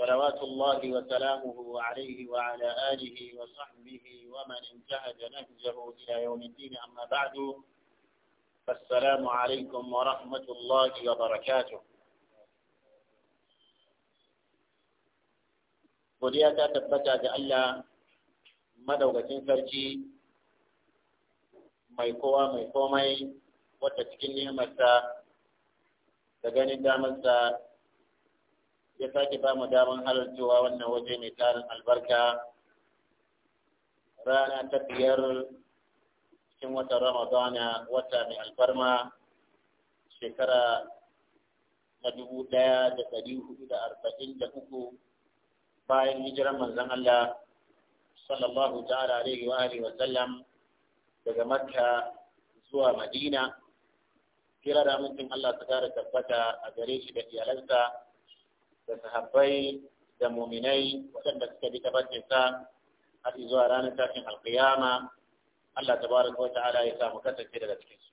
صلوات الله وسلامه عليه وعلى آله وصحبه ومن انتهج نهجه إلى يوم الدين أما بعد فالسلام عليكم ورحمة الله وبركاته godiya ta tabbata ga Allah madaukakin sarki mai kowa mai komai wadda cikin ya sake ba mu damar halarcewa wannan waje mai tarin albarka rana ta biyar cikin watan ramadana wata mai alfarma shekara na dubu ɗaya da ɗari hudu da arba'in da uku bayan hijiran manzon Allah sallallahu ta'ala alaihi wa alihi wa sallam daga Makka zuwa Madina kira da mutum Allah ta kara tabbata a gare shi da iyalansa تسحبي دمومني وتمت كبت بجسا هذه زواران تاكن القيامة الله تبارك وتعالى يسام كتب كده لتكس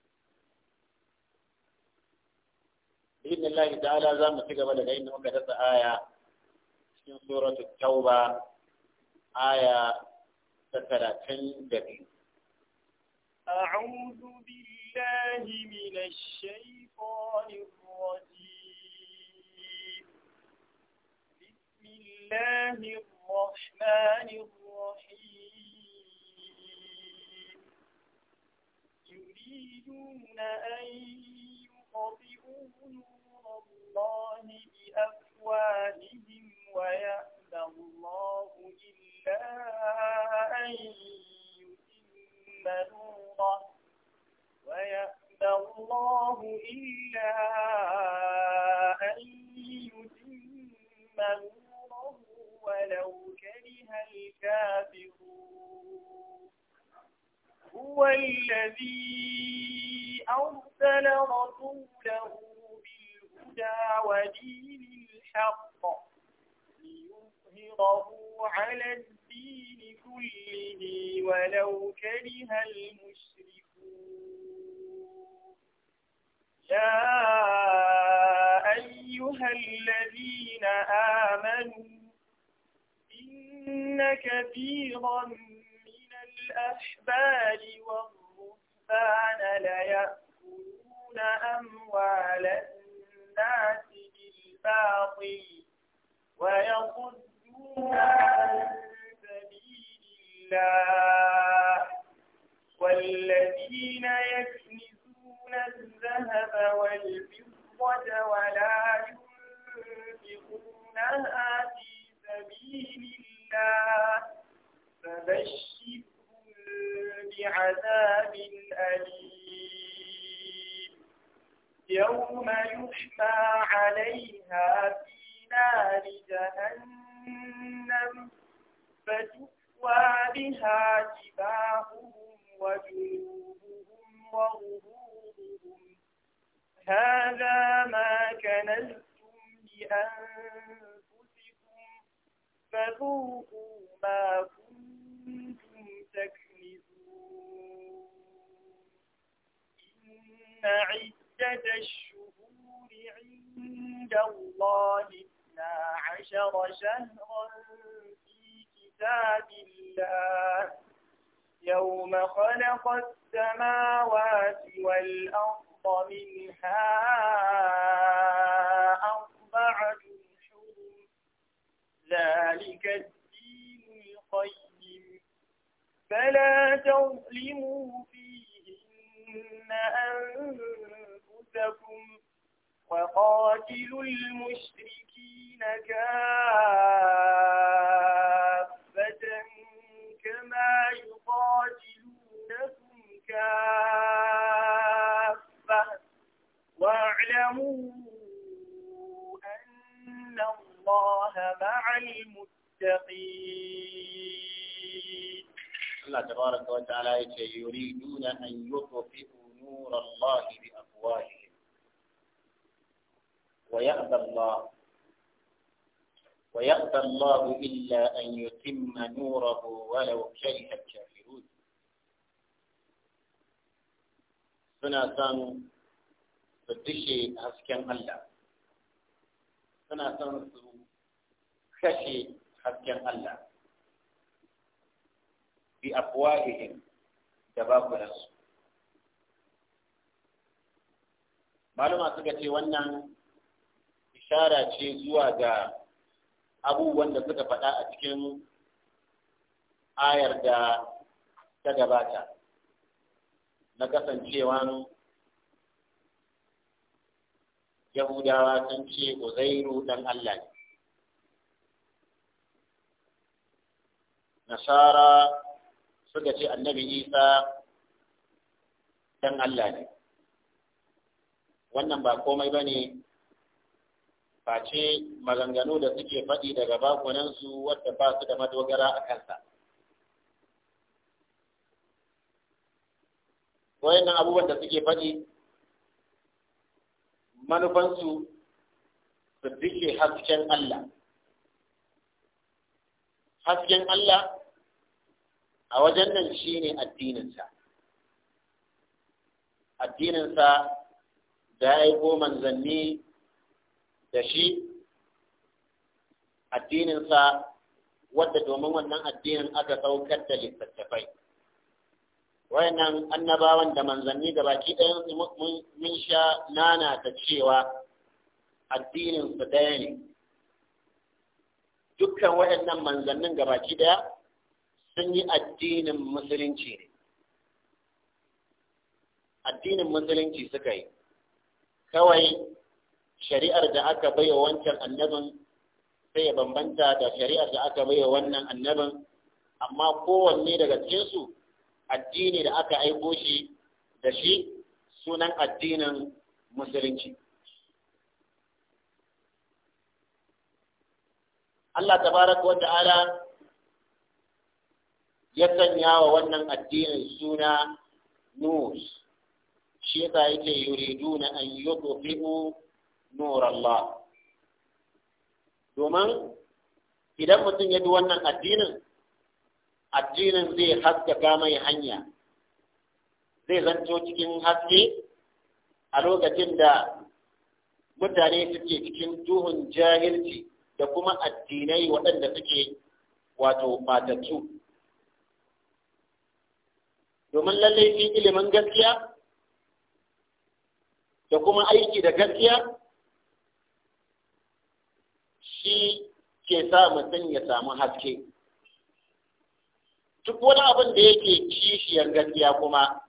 بإذن الله تعالى زام مسيقى بلد إنه كتب آية من سورة التوبة آية تسلاتين دبين أعوذ بالله من الشيطان الرجيم الله الرحمن الرحيم يريدون أن يقطئوا نور الله بأفواههم ويأبى الله إلا أن يتم نوره ويأبى الله إلا أن الذي أرسل رسوله بالهدى ودين الحق ليظهره على الدين كله ولو كره المشركون يا أيها الذين آمنوا إن كثيرا من الأحبار والذين يكنزون الذهب والفضة ولا ينفقونها في سبيل الله فبشرهم بعذاب أليم يوم يحمى عليها في نار جهنم فتؤمن تكوى بها جباههم وجنوبهم وظهورهم هذا ما كنزتم لأنفسكم فذوقوا ما كنتم تكنزون إن عدة الشهور عند الله اثنا عشر شهرا كتاب الله يوم خلق السماوات والأرض منها أربعة حرم ذلك الدين القيم فلا تظلموا فيهن أنفسكم وقاتلوا المشركين كافرين واعلموا أن الله مع المتقين الله تبارك وتعالى يريدون أن يطفئوا نور الله بأفواههم ويأبى الله ويأبى الله إلا أن يتم نوره ولو كره الكافرون هنا كانوا su dishe hasken Allah suna son su kashe hasken Allah bi afwahihim da nasu. maluma suka ce wannan ishara ce zuwa ga abubuwan da suka faɗa a cikin ayar da ta gabata na kasancewan yahudawa sun ce uzairu dan Allah ne nasara suka ce annabi isa dan Allah ne wannan ba komai ba ne face maganganu da suke faɗi daga bakunansu wadda ba su da madogara a kansa wayannan abubuwan da suke faɗi manufansu su dike hasken Allah hasken Allah a wajen nan shi ne addininsa addininsa da ya aiko manzanni da shi addininsa wadda domin wannan addinin aka saukar da littattafai wayannan annabawan da manzanni da baki ɗayan mun sha nana ta cewa addinin su ɗaya ne dukkan wayannan manzannin ga baki ɗaya sun yi addinin musulunci ne addinin musulunci suka yi kawai shari'ar da aka baiwa wancan annabin sai ya bambanta da shari'ar da aka baiwa wannan annabin amma kowanne daga cikinsu addini da aka aiko shi da shi sunan addinin musulunci Allah tabaraka wa ta'ala ya sanya wa wannan addinin suna nus shi yasa yake yuriduna an yudfi'u nur Allah domin idan mutum ya bi wannan addinin addinin zai haskaka mai hanya zai zanto cikin haske a lokacin da mutane suke cikin duhun jahilci da kuma addinai waɗanda suke wato matattu domin lallai fi ilimin gaskiya da kuma aiki da gaskiya shi ke sa mutum ya samu haske duk wani abin da yake kishiyar gaskiya kuma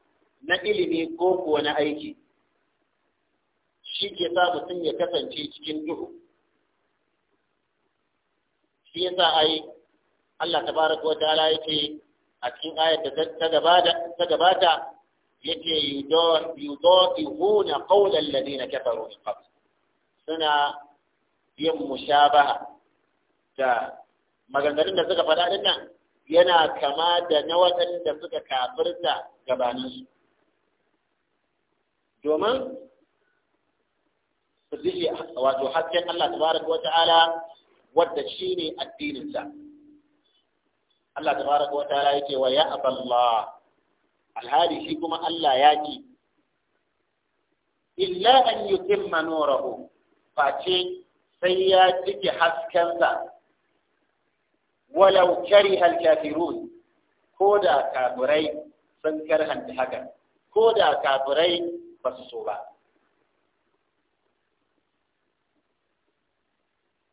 na ilimi ko ko na aiki shi ke sa mutum ya kasance cikin duhu shi a yi Allah tabaraka kuwa ta'ala yake a cikin ayar da ta gabata ta yi yake yudawihuna kawulan alladhina na min qabl suna yin mushabaha da maganganun da suka faɗa din nan yana kama da na waɗanda suka kafirta gabaninsu domin su bishi wato hasken Allah tabaraka Ta'ala wadda shi ne addininsa Allah Ta'ala ya ce, wa ya aballah alhali shi kuma Allah ya ki illa an yi yutimma nurahu face sai ya cike haskensa walau hal kafirun ko da kafirai sun karhanta haka ko da kafirai ba su so ba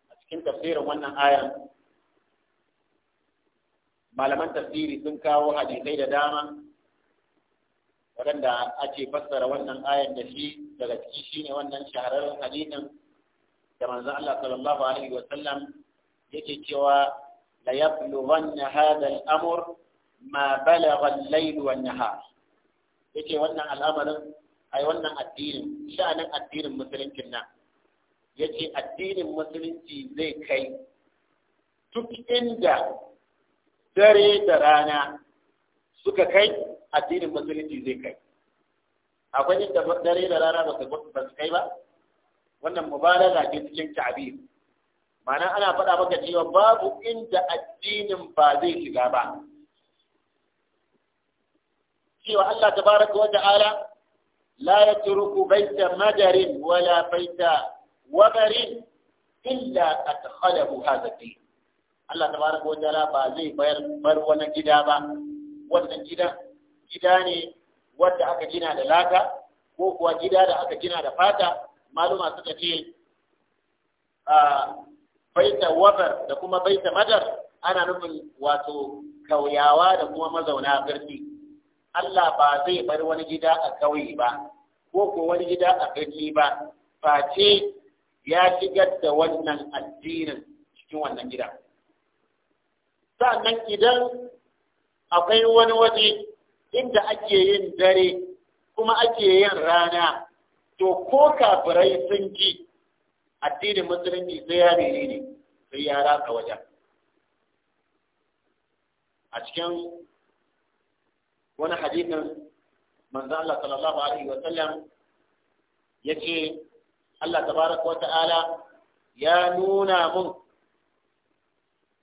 a cikin tafsirin wannan ayan malaman tafsiri sun kawo hadisai da dama waɗanda ake fassara wannan ayan da shi daga ciki shine wannan shahararren hadisin da manzon Allah sallallahu alaihi wa sallam yake cewa ليبلغن هذا الأمر ما بلغ الليل والنهار yake wannan al'amarin ai wannan addinin sha'anin addinin musuluncin nan yace addinin musulunci zai kai duk inda dare da rana suka kai addinin musulunci zai kai akwai inda dare da rana ba su kai ba wannan mubalaga ce cikin ta'abiri ma'ana ana faɗa maka cewa babu inda addinin ba zai shiga ba cewa Allah tabaraka wa ta'ala la yatruku baita madarin wala baita wabarin illa adkhalahu hadha fi Allah tabaraka wa ta'ala ba zai bayar bar wani gida ba wannan gida gida ne wanda aka gina da laka ko kuwa gida da aka gina da fata maluma suka ce ah, baita wazar da kuma baita madar ana nufin wato kauyawa da kuma mazauna birni Allah ba zai bar wani gida a kauye ba ko ko wani gida a birni ba face ya shigar da wannan addinin cikin wannan gida sannan idan akwai wani waje inda ake yin dare kuma ake yin rana to ko kafirai sun ji addinin musulunci sai ya ne ne sai ya ratsa wajen a cikin wani hadisin manzo Allah sallallahu alaihi wa sallam yace Allah tabaraka wa ta'ala ya nuna mun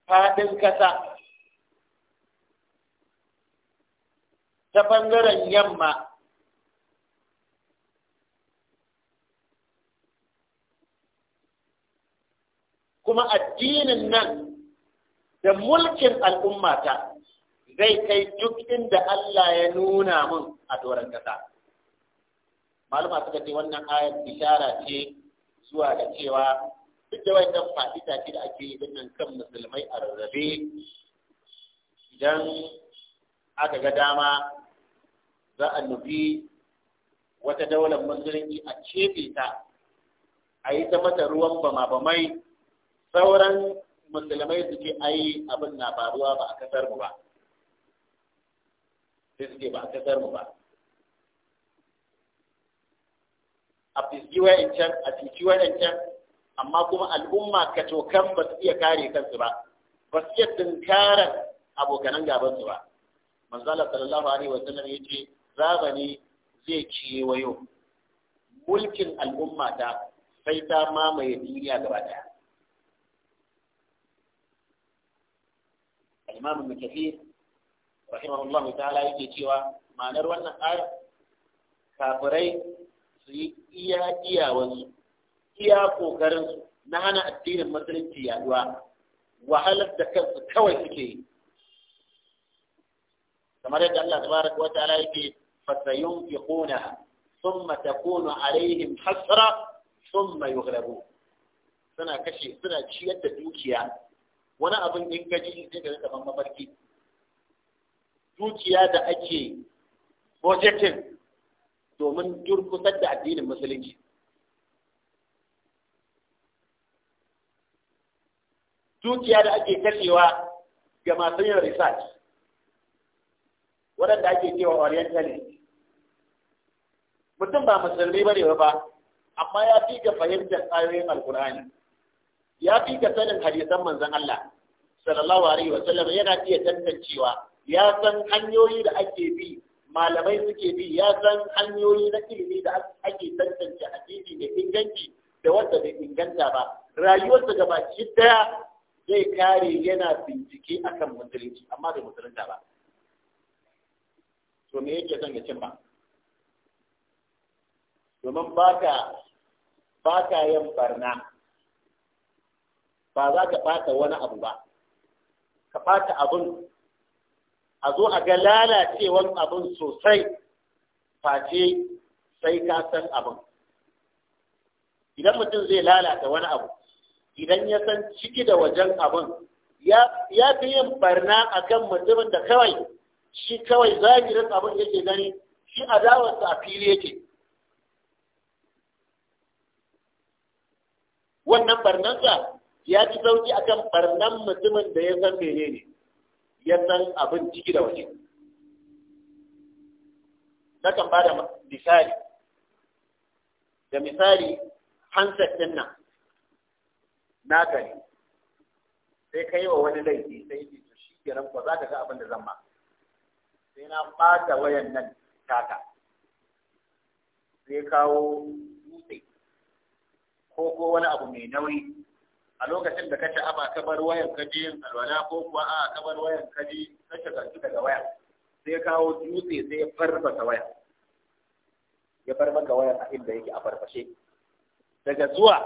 fadin kasa ta bangaren yamma kuma addinin nan da mulkin al'umma ta zai kai duk inda Allah ya nuna mun a doron kasa maluma suka ce wannan ayar bishara ce zuwa ga cewa duk da wannan fa'ida ce da ake yi dinnan kan musulmai a rarrabe idan aka ga dama za a nufi wata daular musulunci a cefe ta a yi ta mata ruwan bama-bamai sauran musulmai su ce ai abin na faruwa ba a kasar mu ba sai suke ba a kasar mu ba a fiski can, a fiski can, amma kuma al'umma tokan ba su iya kare kansu ba ba su iya tunkarar abokanan gabansu ba manzala sallallahu alaihi wa sallam ya ce zamani zai wayo mulkin al'umma ta sai ta mamaye duniya gaba daya imam ibn kathir rahimahullahu ta'ala yake cewa ma'anar wannan ayar kafirai su yi iya iyawansu iya kokarinsu na hana addinin musulunci yaduwa wahalar da kansu kawai suke yi kamar yadda Allah tabaraka wa ta'ala yake fasayunfiquna thumma takunu alaihim hasra thumma yughlabu suna kashe suna ciyar da dukiya wani abin in gaji shi zai gari kamar mafarki dukiya da ake projecting domin durkusar da addinin musulunci zuciya da ake kashewa ga masu yin research waɗanda ake cewa orientalist mutum ba musulmi ba ne ba amma ya fi ga fahimtar ayoyin alkur'ani ya fi ka sanin hadisan manzon Allah sallallahu alaihi wa sallam yana iya tantancewa ya san hanyoyi da ake bi malamai suke bi ya san hanyoyi na ilimi da ake tantance hadisi da inganci da wanda bai inganta ba rayuwarsa gaba ki daya zai kare yana bincike akan musulunci amma bai musulunta ba to me yake son ya ba domin ba ka yin barna ba za ka ɓata wani abu ba ka ɓata abin a zo a ga lalacewan abin sosai face sai ka san abin idan mutum zai lalata wani abu idan ya san ciki da wajen abin ya fi yin barna a kan mutumin da kawai shi kawai zahirin abin yake gani shi adawarsa a fili yake wannan barnansa ya ci sauki akan barnan mutumin da ya san mene ne ya san abin ciki da waje Na kan ba da misali da misali handset ɗin nan na gari sai ka yi wa wani laifi sai yi su shi ke ranko za ka ga abin da zan ma sai na ɓata wayan nan taka sai kawo dutse ko ko wani abu mai nauyi a lokacin da kace aba ka bar wayan ka je alwala ko kuwa a ka bar wayan ka je ka shagaltu daga waya sai kawo dutse sai ya farfasa waya ya farfa maka wayar a inda yake a farfashe daga zuwa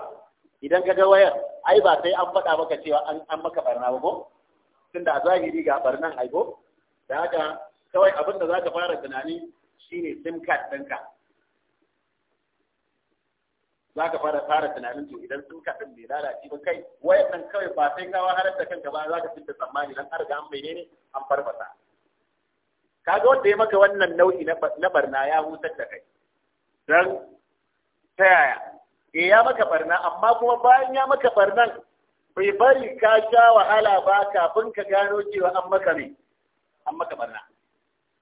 idan ka ga wayar ai ba sai an faɗa maka cewa an an maka barna ba ko tunda a zahiri ga barnan ai ko da haka kawai abin da zaka fara tunani shine sim card ɗinka za ka fara fara tunanin to idan sun kaɗin mai lalace ba kai Waye nan kawai ba sai ka harar da kanka ba za ka fita tsammani dan har ga mai ne an farfasa kaga wanda ya maka wannan nau'i na barna ya hutar da kai dan ta yaya e ya maka barna amma kuma bayan ya maka barnan bai bari ka sha wahala ba kafin ka gano cewa an maka ne an maka barna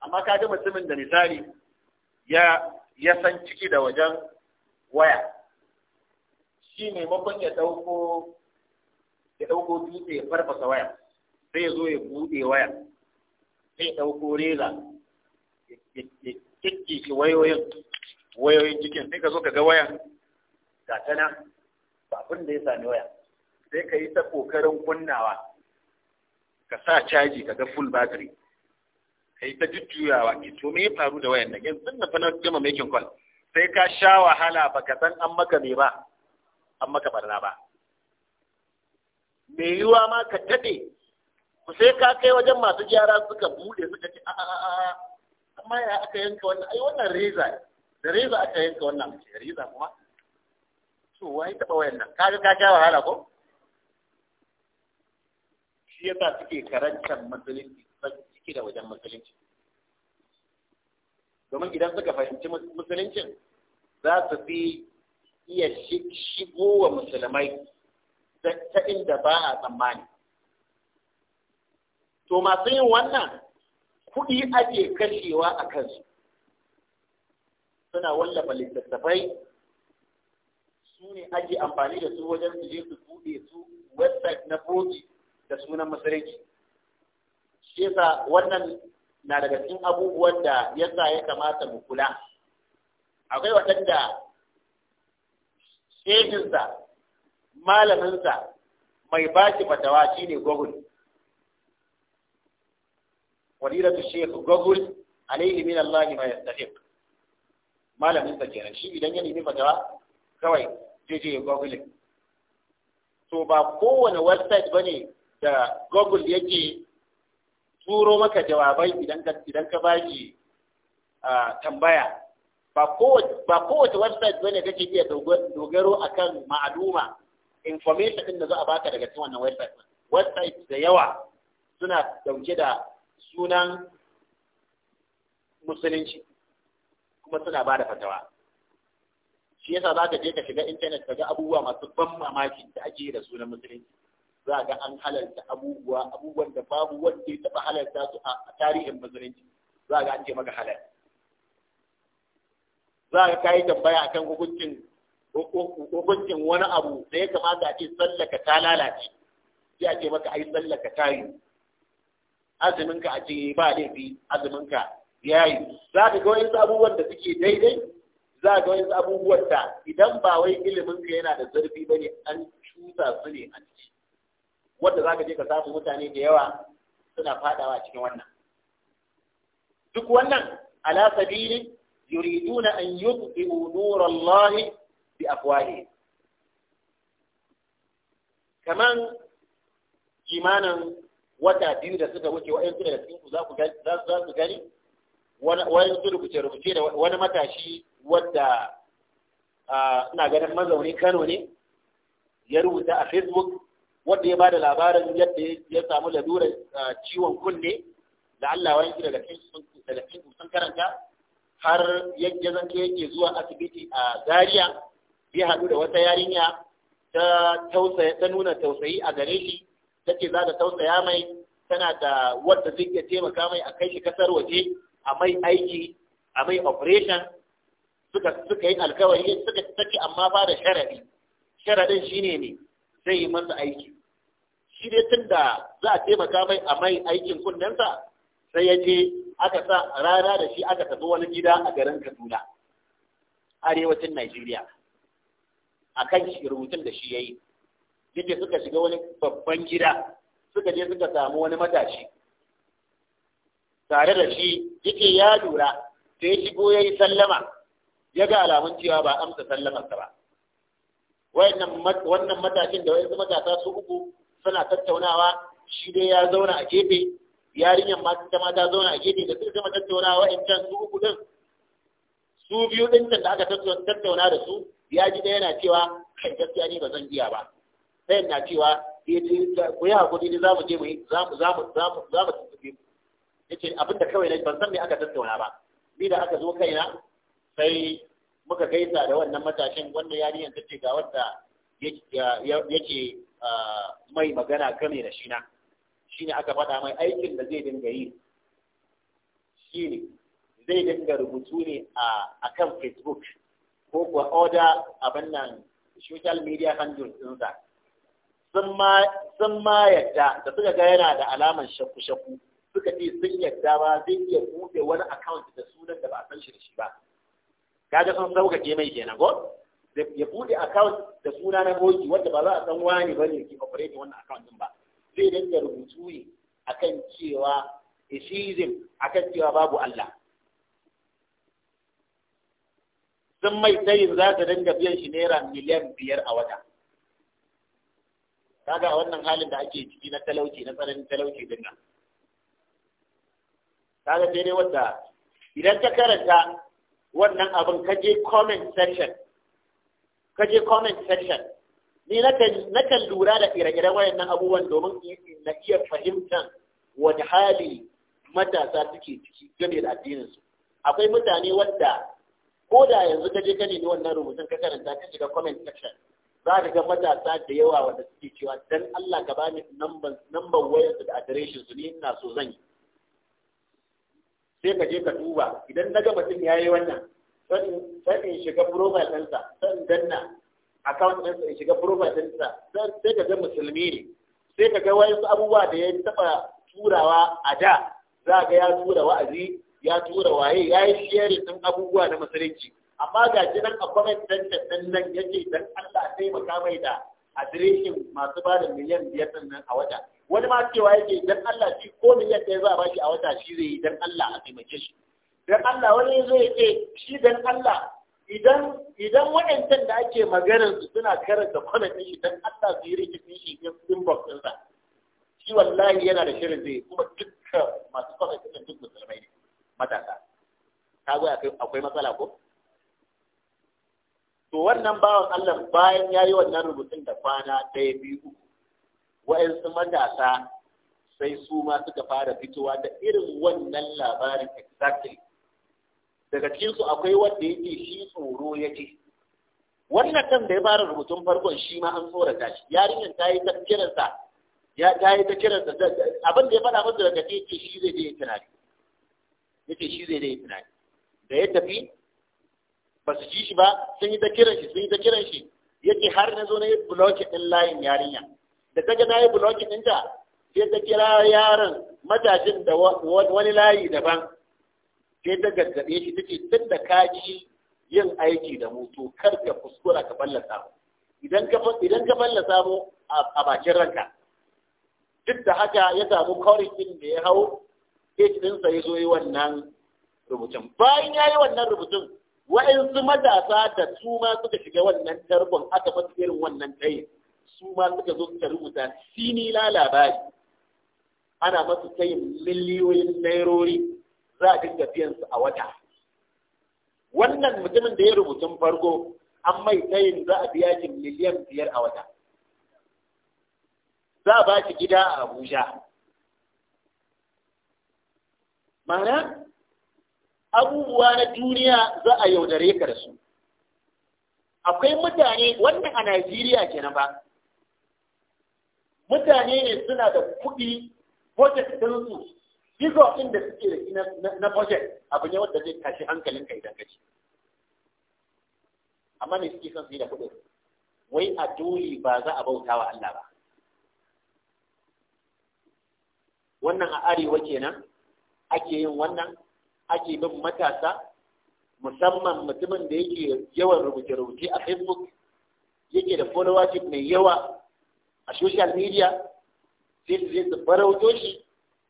amma ka ga mutumin da misali ya ya san ciki da wajen waya shi maimakon ya ɗauko ya dauko dutse ya farfasa waya sai ya zo ya buɗe waya sai ya ɗauko reza ya shi wayoyin wayoyin cikin sai ka zo ka ga waya ga ta nan ba abin da ya sami waya sai ka yi ta ƙoƙarin kunnawa ka sa caji ka ga full battery ka yi ta jujjuyawa ke eh, to me ya faru da wayan nan yanzu na fa na gama making call sai ka sha wahala baka san an maka me ba an maka barna ba me yiwa ma ka daɗe ku sai ka kai wajen masu gyara suka bude suka ce a'a amma ya aka yanka wannan ai wannan reza da reza aka yanka wannan mace reza kuma to wai taba wayan nan kaga ka ga wahala ko shi yasa suke karantar musulunci suke da wajen musulunci domin idan suka fahimci musuluncin za su fi iya shigo wa musulmai ta inda ba a tsammani. To masu yin wannan kuɗi ake kashewa a kansu. Suna wallafa littattafai su ne ake amfani da su wajen su je su buɗe su website na Boji, da sunan masarauki. Shi wannan na daga cikin abubuwan da yasa ya kamata mu kula. Akwai waɗanda shehinsa malaminsa mai baki fatawa shine google fadilatu sheikh google alaihi min Allah ma yastahiq malaminsa kenan shi idan ya nemi fatawa kawai zai je google to ba kowane website bane da google yake turo maka jawabai idan ka idan ka baki ah, tambaya ba kowace website bane kake iya dogaro akan ma'aluma information din da za a baka daga cikin wannan website website da yawa suna dauke da sunan musulunci kuma suna ba da fatawa shi yasa za ka je ka shiga internet ka ga abubuwa masu ban mamaki da ake da sunan musulunci za ga an halarta abubuwa abubuwan da babu wanda ya taɓa halarta su a tarihin musulunci za ga an ce maka halarta za ka kayi tambaya akan hukuncin hukuncin wani abu da ya kamata a ce sallaka ta lalace sai a ce maka ai sallaka ta yi azuminka a ce ba laifi azuminka ya yi za ka ga wani abubuwan da suke daidai za ka ga wani abubuwan da idan ba wai iliminka yana da zarfi ba ne an cuta su ne a ciki wanda za ka je ka samu mutane da yawa suna fadawa cikin wannan duk wannan ala sabilin يريدون أن يطفئوا نور bi بأفواههم كمان kimanin wata biyu da suka wuce wa'yansu daga cikin ku za su gani wa'yansu rubuce-rubuce da wani matashi wadda ina ganin mazauni kano ne ya rubuta a facebook wadda ya ba da labarin yadda ya samu lalurar ciwon kunne da allah wa'yansu daga cikin sun karanta har yadda zanto yake zuwa asibiti a Zariya ya haɗu da wata yarinya ta tausaya ta nuna tausayi a gare shi take za ta tausaya mai tana da wadda zai iya taimaka mai a kai shi kasar waje a mai aiki a mai operation suka suka yi alkawari suka take amma ba da sharadi sharadin shine ne zai yi masa aiki shi dai tunda za a taimaka mai a mai aikin kunnensa sai ya je aka sa rana da shi aka tafi wani gida a garin Kaduna arewacin Najeriya akan rubutun da shi ya yi. yake suka shiga wani babban gida suka je suka samu wani matashi tare da shi yake ya lura da ya shigo ya yi sallama ya ga alamun cewa ba amsa sallamarsa ba wannan matashin da wani matasa su uku suna tattaunawa shi dai ya zauna a gefe yarinyar ma ta ma ta zauna a gefe da suka gama tattauna can su uku din su biyu din da aka tattauna da su ya ji da yana cewa kai gaskiya ni ba zan iya ba sai na cewa eh, ku yi hakuri ne za mu je mu yi za mu za mu za mu za mu tuntuɓe ya ce abin da kawai ban san me aka tattauna ba ni da aka zo kaina sai muka gaisa da wannan matashin wannan yarinyar ta ce ga wanda yake ah, mai magana game da shi na ne aka faɗa mai aikin da zai dinga yi shi ne zai dinga rubutu ne a kan facebook ko kuwa order abin nan social media handles ɗinsa sun ma yadda da suka ga yana da alamar shakku-shakku suka ce sun yadda ba zai iya buɗe wani account da sunan da ba a san shi da shi ba kaga sun sauƙaƙe mai kenan ko ya buɗe account da suna na goji wanda ba za a san wani ba ne ke operate wannan account din ba zai dinga rubutu ne akan cewa a akan cewa babu Allah sun mai tayin za ta dinga biyan shi naira miliyan biyar a wata kaga a wannan halin da ake ciki na talauci na tsananin talauci dinga. kaga sai dai wanda idan ka karanta wannan abin ka je comment section ka je comment section ni nakan lura da ire-iren wayannan abubuwan domin na iya fahimtar wani hali matasa suke ciki game da addininsu akwai mutane wanda ko da yanzu ka je ka nemi wannan rubutun ka karanta ka shiga comment section za ka ga matasa da yawa wanda suke cewa dan Allah ka bani number number wayarsu da adireshin su ni ina so zan yi sai ka je ka duba idan na ga mutum ya yi wannan sai sai shiga profile ɗinsa sai danna account ɗinsa ya shiga profile ɗinsa sai ka ga musulmi ne sai ka ga wasu abubuwa da ya taɓa turawa a da za ga ya tura wa'azi ya tura waye ya yi sharing ɗin abubuwa na musulunci amma ga jinan a comment ɗin ɗin nan yake dan Allah taimaka mai da adireshin masu ba da miliyan biyar ɗin nan a wata wani ma cewa yake dan Allah shi ko miliyan ɗaya za a shi a wata shi zai yi dan Allah a taimake shi dan Allah wani zai ce shi dan Allah idan idan waɗancan da ake maganar su suna karanta kwanan ɗin shi don Allah su yi rikicin shi ne sun bakin sa shi wallahi yana da shirin zai kuma dukkan masu kwanan ɗin duk musulmai ne matasa kaga akwai matsala ko to wannan bawan Allah bayan ya yi wannan rubutun da kwana ɗaya biyu wa'yansu matasa sai su ma suka fara fitowa da irin wannan labarin exactly daga cikinsu akwai wanda yake shi tsoro ya ce wannan kan da ya fara rubutun farkon shi ma an tsorata shi yarinyar ta yi ta kiransa ya ta yi ta kiransa abin da ya faɗa masa daga ce yake shi zai je tunani yake shi zai je tunani da ya tafi ba su ji shi ba sun yi ta kiran shi sun yi ta kiran shi yake har na zo na yi blocking ɗin layin yarinya da ta ga na yi blocking ɗinta sai ta kira yaron matashin da wani layi daban sai ta gargaɗe shi take tun da ka ji yin aiki da mu to kar ka kuskura ka fallasa mu idan ka idan ka fallasa mu a bakin ranka duk da haka ya samu kawarikin da ya hau page sa ya zo yi wannan rubutun bayan ya yi wannan rubutun wa'insu matasa da su ma suka shiga wannan tarbon aka masu irin wannan tayin su ma suka zo suka rubuta sinila labari ana masu tayin miliyoyin nairori za a dinga biyan su a wata wannan mutumin da ya rubutun farko an mai tayin za a biya shi miliyan biyar a wata za a ba shi gida a abuja ma'ana abubuwa na duniya za a yaudare ka da su akwai mutane wannan a najeriya kenan ba mutane ne suna da kuɗi budget su. Gizo inda da suke da shi na project abu ne wanda zai tashi hankalinka idan ka ci. Amma ne suke son su yi da kuɗin. Wai a dole ba za a bauta wa Allah ba. Wannan a arewa kenan ake yin wannan ake bin matasa musamman mutumin da yake yawan rubuce-rubuce a Facebook yake da followership mai yawa a social media sai su zai su farauto shi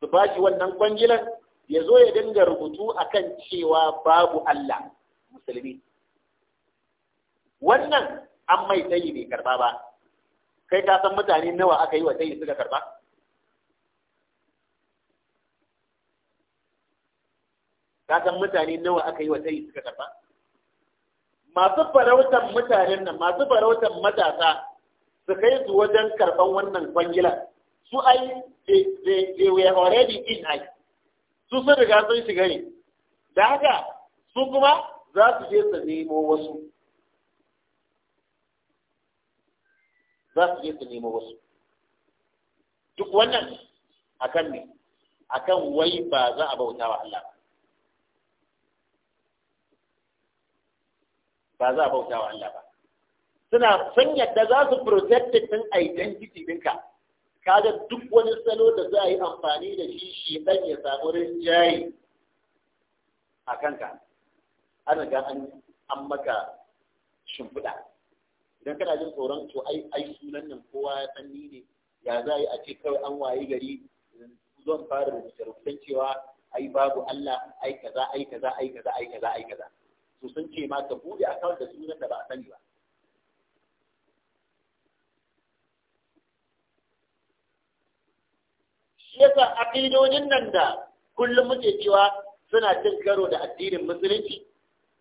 su ba shi wannan kwangilan ya zo ya dinga rubutu akan cewa babu Allah musulmi wannan an mai tsayi bai karba ba kai ka san mutane nawa aka yi wa tsayi suka karba ka san mutane nawa aka yi wa tsayi suka karba masu farautan mutanen nan masu farautan matasa su kai su wajen karban wannan kwangilan su ai they were already in ai su sun riga sun shiga ne da haka su kuma za su je su nemo wasu za su je su nemo wasu duk wannan akan ne akan wai ba za a bauta wa Allah ba za a bauta wa Allah ba suna sun yadda za su protect din identity ɗinka kada duk wani salo da za a yi amfani da shi shi dan ya samu rinjaye a kanka an ga an an maka shimfiɗa idan kana jin tsoron to ai ai sunan nan kowa ya san ne ya za a ce kawai an wayi gari zan fara da rubutan cewa ai babu Allah ai kaza ai kaza ai kaza ai kaza ai kaza to sun ce ma ka bude akawun da sunan da ba a sani ba shi yasa aqidojin nan da kullum muke cewa suna cin karo da addinin musulunci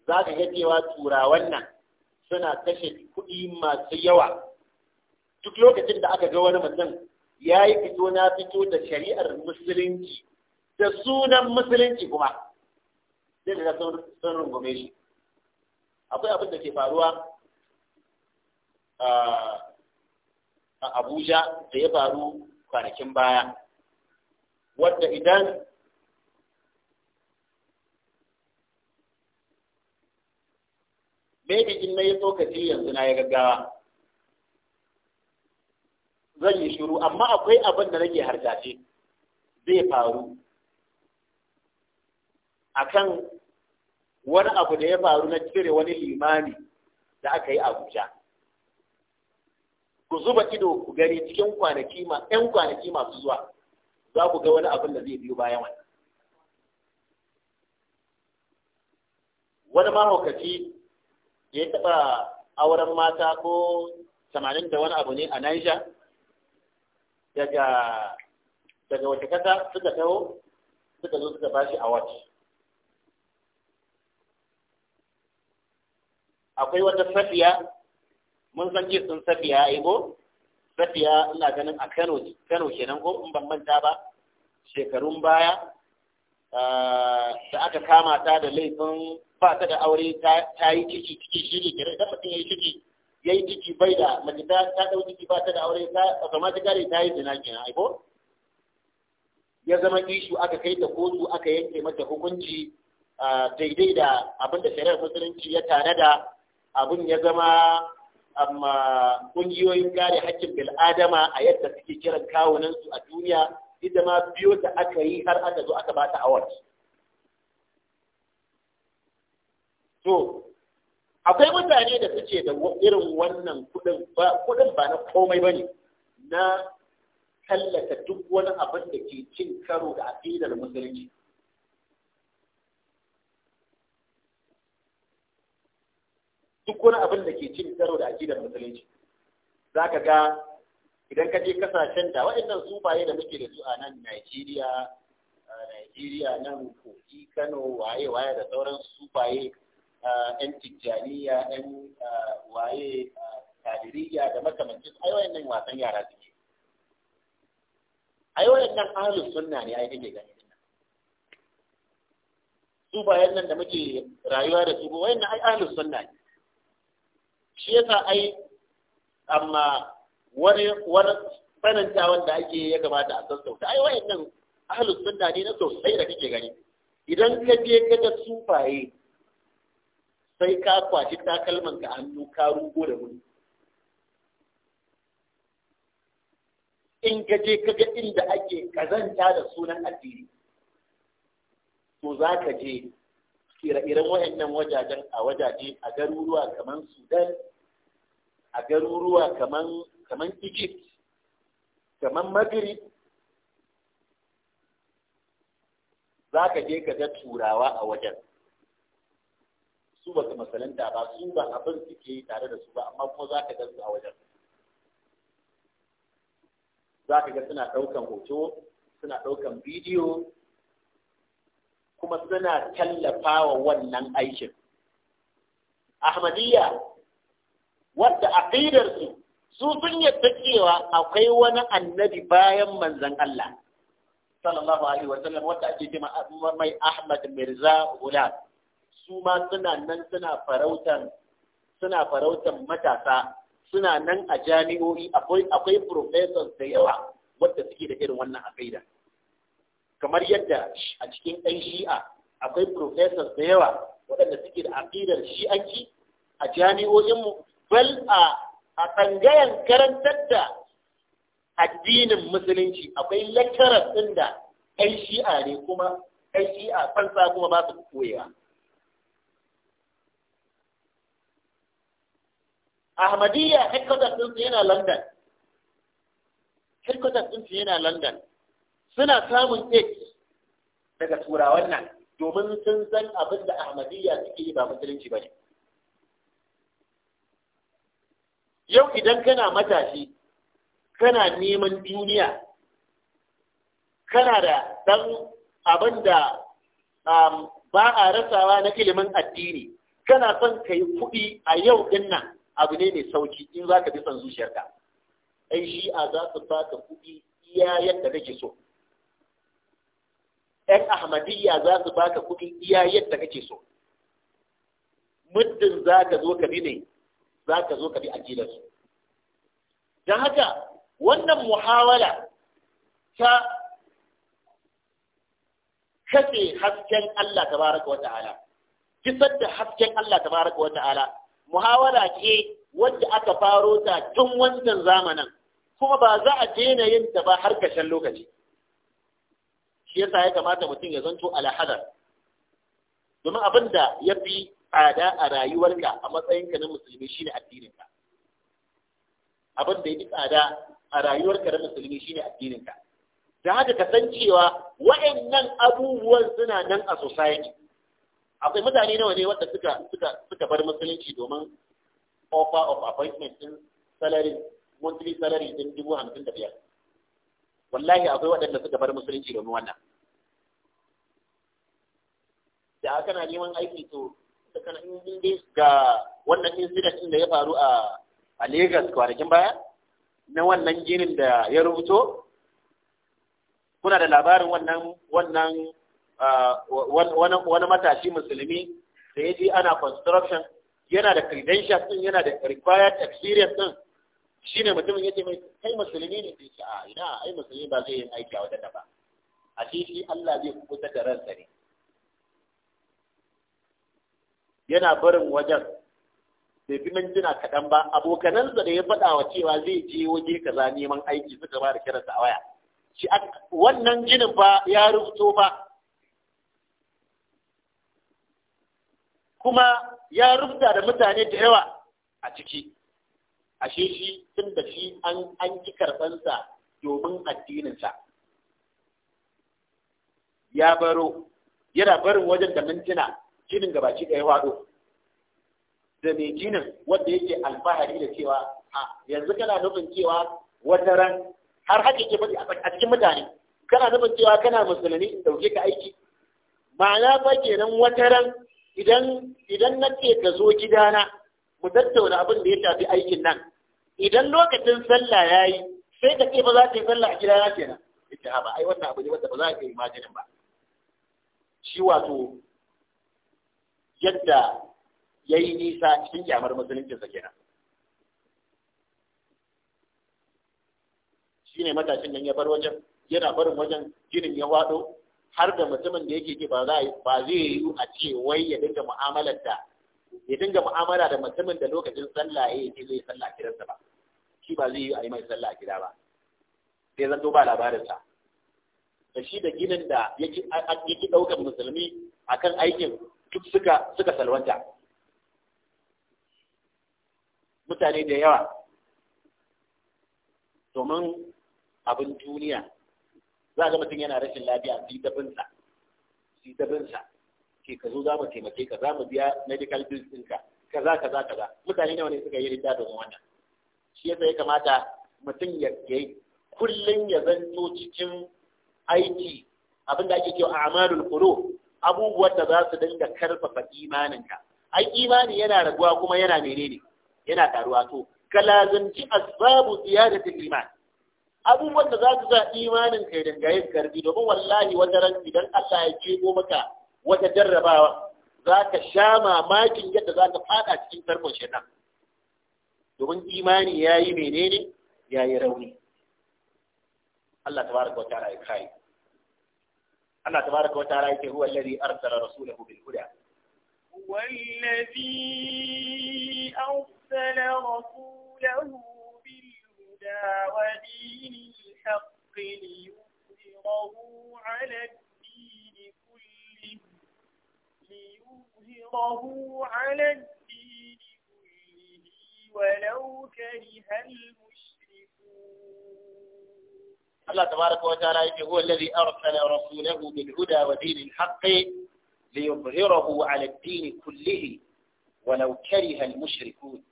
za ka ga cewa turawan nan suna kashe kuɗi masu yawa duk lokacin da aka ga wani mutum ya yi fito na fito da shari'ar musulunci da sunan musulunci kuma zai da sun rungume shi akwai abin da ke faruwa ah, a abuja da ya faru kwanakin baya wadda idan maybe in na yi tsokaci yanzu na ya gaggawa zan yi shiru amma akwai abin da nake harkace zai faru kan wani abu da ya faru na cire wani limani da aka yi abuja ku zuba ido ku gani cikin 'yan kwanaki masu zuwa za ku ga wani abin da zai biyo bayan wani wani mahaukaci ya taɓa auren mata ko samanin da wani abu ne a Niger daga daga wata kasa suka taho suka zo suka bashi a wacce akwai wata safiya mun san ce sun safiya a ibo Zafiya ina ganin a Kano Kano kenan ko in ban manta ba shekarun baya ah, da aka kama ta da laifin ba ta da aure ta yi ciki ciki shi ne kira idan mutum ya yi ciki ya yi ciki bai da mace ta ɗau ciki ba ta da aure ta automatically ta yi zina kenan aiko ya zama ishu aka kai da kotu aka yanke mata hukunci ah, daidai da abin da shari'ar musulunci ya tare da abin ya zama amma kungiyoyin kare haƙƙin bil'adama a yadda suke kiran kawunansu a duniya ita ma biyo da aka yi har aka zo aka ba ta award to akwai mutane da suke da irin wannan kudin ba kudin ba na komai ba ne, na tallata duk wani abin da ke cin karo da aƙidar musulunci duk wani abin da ke cin karo da akidar musulunci za ka ga idan ka je kasashen da waɗannan sufaye da muke da su a nan Najeriya Najeriya nan Kogi Kano waye waye da sauran sufaye yan Tijjaniya yan waye Kadiriya da makamancin ai waɗannan wasan yara suke ai waɗannan ahlus sunna ne ai kake gani sufayen nan da muke rayuwa da su waɗannan ai ahlus sunna ne shi yasa ai amma wani wani tsananta wanda ake ya gabata a sassauta ai wayannan ahlus sunna ne na sosai da kake gani idan ka je ka ga sufaye sai ka kwaci takalman ka hannu ka rugo da wuri in ka je ka ga inda ake kazanta da sunan addini to za ka je ire-iren wayannan wajajen a wajaje a garuruwa kamar Sudan a garuruwa kamar Egypt kamar Maghrib za ka je ka ga turawa a wajen su ba su masalanta ba su ba abin suke yi tare da su ba amma kuma za ka su a wajen za ka ga suna ɗaukan hoto suna ɗaukan bidiyo kuma suna tallafawa wannan aikin ahmadiyya wadda aqidarsu su sun yadda cewa akwai wani annabi bayan manzon Allah sallallahu alaihi wa sallam wanda ake cewa mai Ahmad Mirza Ghulam su ma suna nan suna farautan suna farautan matasa suna nan a jami'o'i akwai akwai professors da yawa wanda suke da irin wannan aqida kamar yadda a cikin ɗan shi'a akwai professors da yawa waɗanda suke da aƙidar shi'anci a jami'o'inmu bal a a tsangayen karantar da addinin musulunci akwai lecturer ɗin da ɗan shi'a ne kuma ɗan shi'a fansa kuma ba su koyewa Ahmadiyya headquarters ɗinsu yana London. Headquarters ɗinsu yana London. suna samun aiki daga turawan nan domin sun san abin da ahmadiyya suke yi ba musulunci ba ne yau idan kana matashi kana neman duniya kana da ɗan abin da um, ba a rasawa na ilimin addini kana son ka yi kuɗi a yau ɗin nan abu ne mai sauki in za ka bi son zuciyarka ai shi a za su ka kuɗi iya yadda kake so 'yan ahmadiyya za su baka kuɗi iya yadda kake so muddin za ka zo ka bi ne za ka zo ka bi don haka wannan muhawala ta kashe hasken Allah baraka wa ta'ala kisar da hasken Allah baraka wa ta'ala muhawara ce wadda aka faro ta tun wancan zamanin kuma ba za a daina yin ta ba har kashen lokaci shi yasa ya kamata mutum ya zanto alhadar domin abin da ya fi tsada a rayuwarka a matsayinka na musulmi shine addininka abin da ya fi tsada a rayuwarka na musulmi shine addininka da haka ka san cewa waɗannan abubuwan suna nan a society akwai mutane nawa ne wanda suka suka suka bar musulunci domin offer of appointment din salary monthly salary din dubu hamsin da biyar wallahi akwai waɗanda suka bar musulunci domin wannan da aka na neman aiki to kana in dai ga wannan incident din da ya faru a a Lagos kwanakin baya na wannan ginin da ya rubuto kuna da labarin wannan wannan wani matashi musulmi da ya ji ana construction yana da credentials din yana da required experience din shi ne mutumin yake mai kai musulmi ne sai ce a ina ai musulmi ba zai yi aiki a wata ba a ce shi Allah zai kubutar da ransa ne yana barin wajen bai fi mintuna kaɗan ba abokanansa da ya faɗa wa cewa zai je waje kaza neman aiki suka ba da kiransa a waya shi wannan ginin ba ya rubuto ba kuma ya rubuta da mutane da yawa a ciki ashe shi tun da shi an ki karɓansa domin addininsa ya baro yana barin wajen da mintuna jinin gabaci ɗaya waɗo da mai jinin wanda yake alfahari da cewa a yanzu kana nufin cewa wata ran har haka yake faɗi a cikin mutane kana nufin cewa kana musulmi in ɗauke ka aiki ma'ana fa kenan wata ran idan idan na ce ka zo gidana mu tattauna abin da ya shafi aikin nan idan lokacin sallah ya yi sai ka ce ba za ta yi sallah a gida na kenan ita ha ba ai wannan abu ne wanda ba za ka yi majinin ba shi wato yadda ya yi nisa cikin kyamar musuluncinsa kenan shi ne matashin nan ya bar wajen yana barin wajen ginin ya waɗo har da mutumin da yake ke ba zai yi a ce wai ya dinga mu'amalar da ya dinga mu'amala da mutumin da lokacin sallah ya yi zai sallah a gidansa ba shi ba zai yi a yi mai sallah a gida ba sai zanto ba labarinsa da shi da ginin da ki ɗaukar musulmi akan aikin duk suka suka salwanta mutane da yawa domin abin duniya za ga mutum yana rashin lafiya su dabinsa sai dabinsa ke ka zo za mu taimake ka za mu biya medical bills ɗinka kaza kaza kaza mutane nawa ne suka yi rida domin wannan shi yasa ya kamata mutum ya yi kullum ya zanto cikin aiki abin da ake cewa a'malul qulub abubuwan da za su dinga karfafa imaninka ai imani yana raguwa kuma yana menene yana karuwa to kalazanci asbabu ziyadati iman abubuwan da za su sa imanin kai dangaye karbi domin wallahi wata ran idan Allah ya jego maka wata jarrabawa za ka sha mamakin yadda za ka fada cikin tarkon shaitan domin imani ya yi menene ya yi rauni Allah tabaraka wa ta'ala ya kai Allah ta tabaraka wa ta'ala yake huwa alladhi arsala rasulahu bil huda huwa alladhi arsala rasulahu bil huda wa dinil haqqi liyudhhirahu 'ala ليظهره على الدين كله ولو كره المشركون الله تبارك وتعالى هو الذي أرسل رسوله بالهدى ودين الحق ليظهره على الدين كله ولو كره المشركون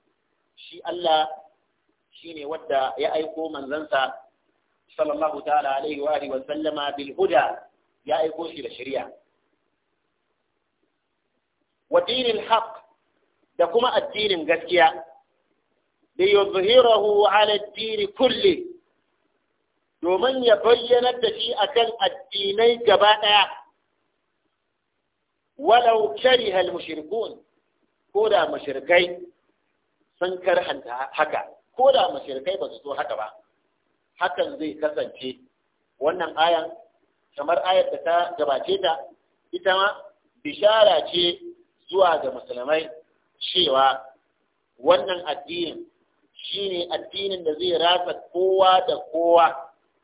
شيء الله شيء ودى أيقو من زنسى صلى الله تعالى عليه وآله وسلم بالهدى يأيقو شيء لشريعه wa dinil da kuma addinin gaskiya li yuzhirahu ala ad-din domin ya bayyanar da shi akan addinai gaba daya walau kariha mushrikun ko da mushrikai sun karhanta haka ko da mushrikai ba su so haka ba hakan zai kasance wannan ayan kamar ayar da ta gabace ta ita ma bishara ce zuwa ga musulmai cewa wannan addinin shine addinin da zai rasa kowa da kowa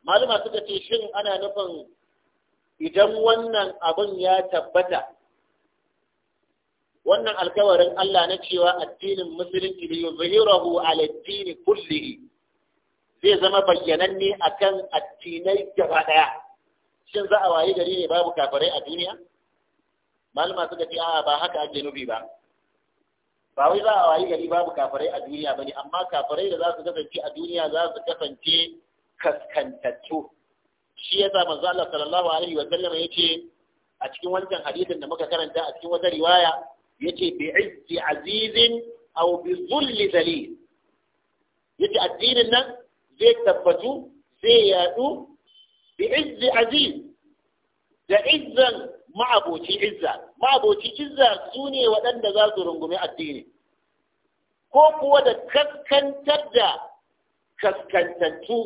malama suka ce shin ana nufin idan wannan abin ya tabbata wannan alkawarin Allah na cewa addinin musulunci da yuzhirahu ala addini kullihi zai zama bayyananne akan addinai gaba daya shin za a wayi gari ne babu kafirai a duniya malama suka ce a ba haka ake nufi ba ba wai za a wayi gari babu kafirai a duniya bane amma kafirai da za su kasance a duniya za su kasance kaskantattu shi yasa manzo Allah sallallahu alaihi wa sallam yace a cikin wancan hadisin da muka karanta a cikin wata riwaya yace bi izzi azizin aw bi zulli dalil yace addinin nan zai tabbatu zai yadu bi izzi aziz da izzan ma'aboci izza ma'aboci izza su ne waɗanda za su rungumi addini ko kuwa da kaskantar da kaskantattu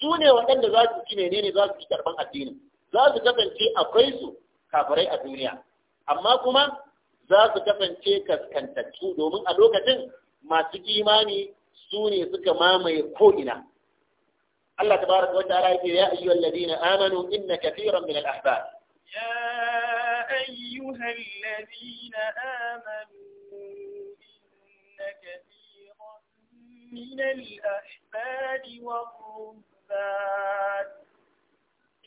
su ne waɗanda za su ci menene za su ci karɓan addini za su kasance akwai su kafirai a duniya amma kuma za su kasance kaskantattu domin a lokacin masu imani su ne suka mamaye ko'ina Allah tabaraka wata ta'ala ya ayyuhal ladina amanu inna kathiran min al-ahbab ya أيها الذين آمنوا إن كثيرا من الأحبار والرهبان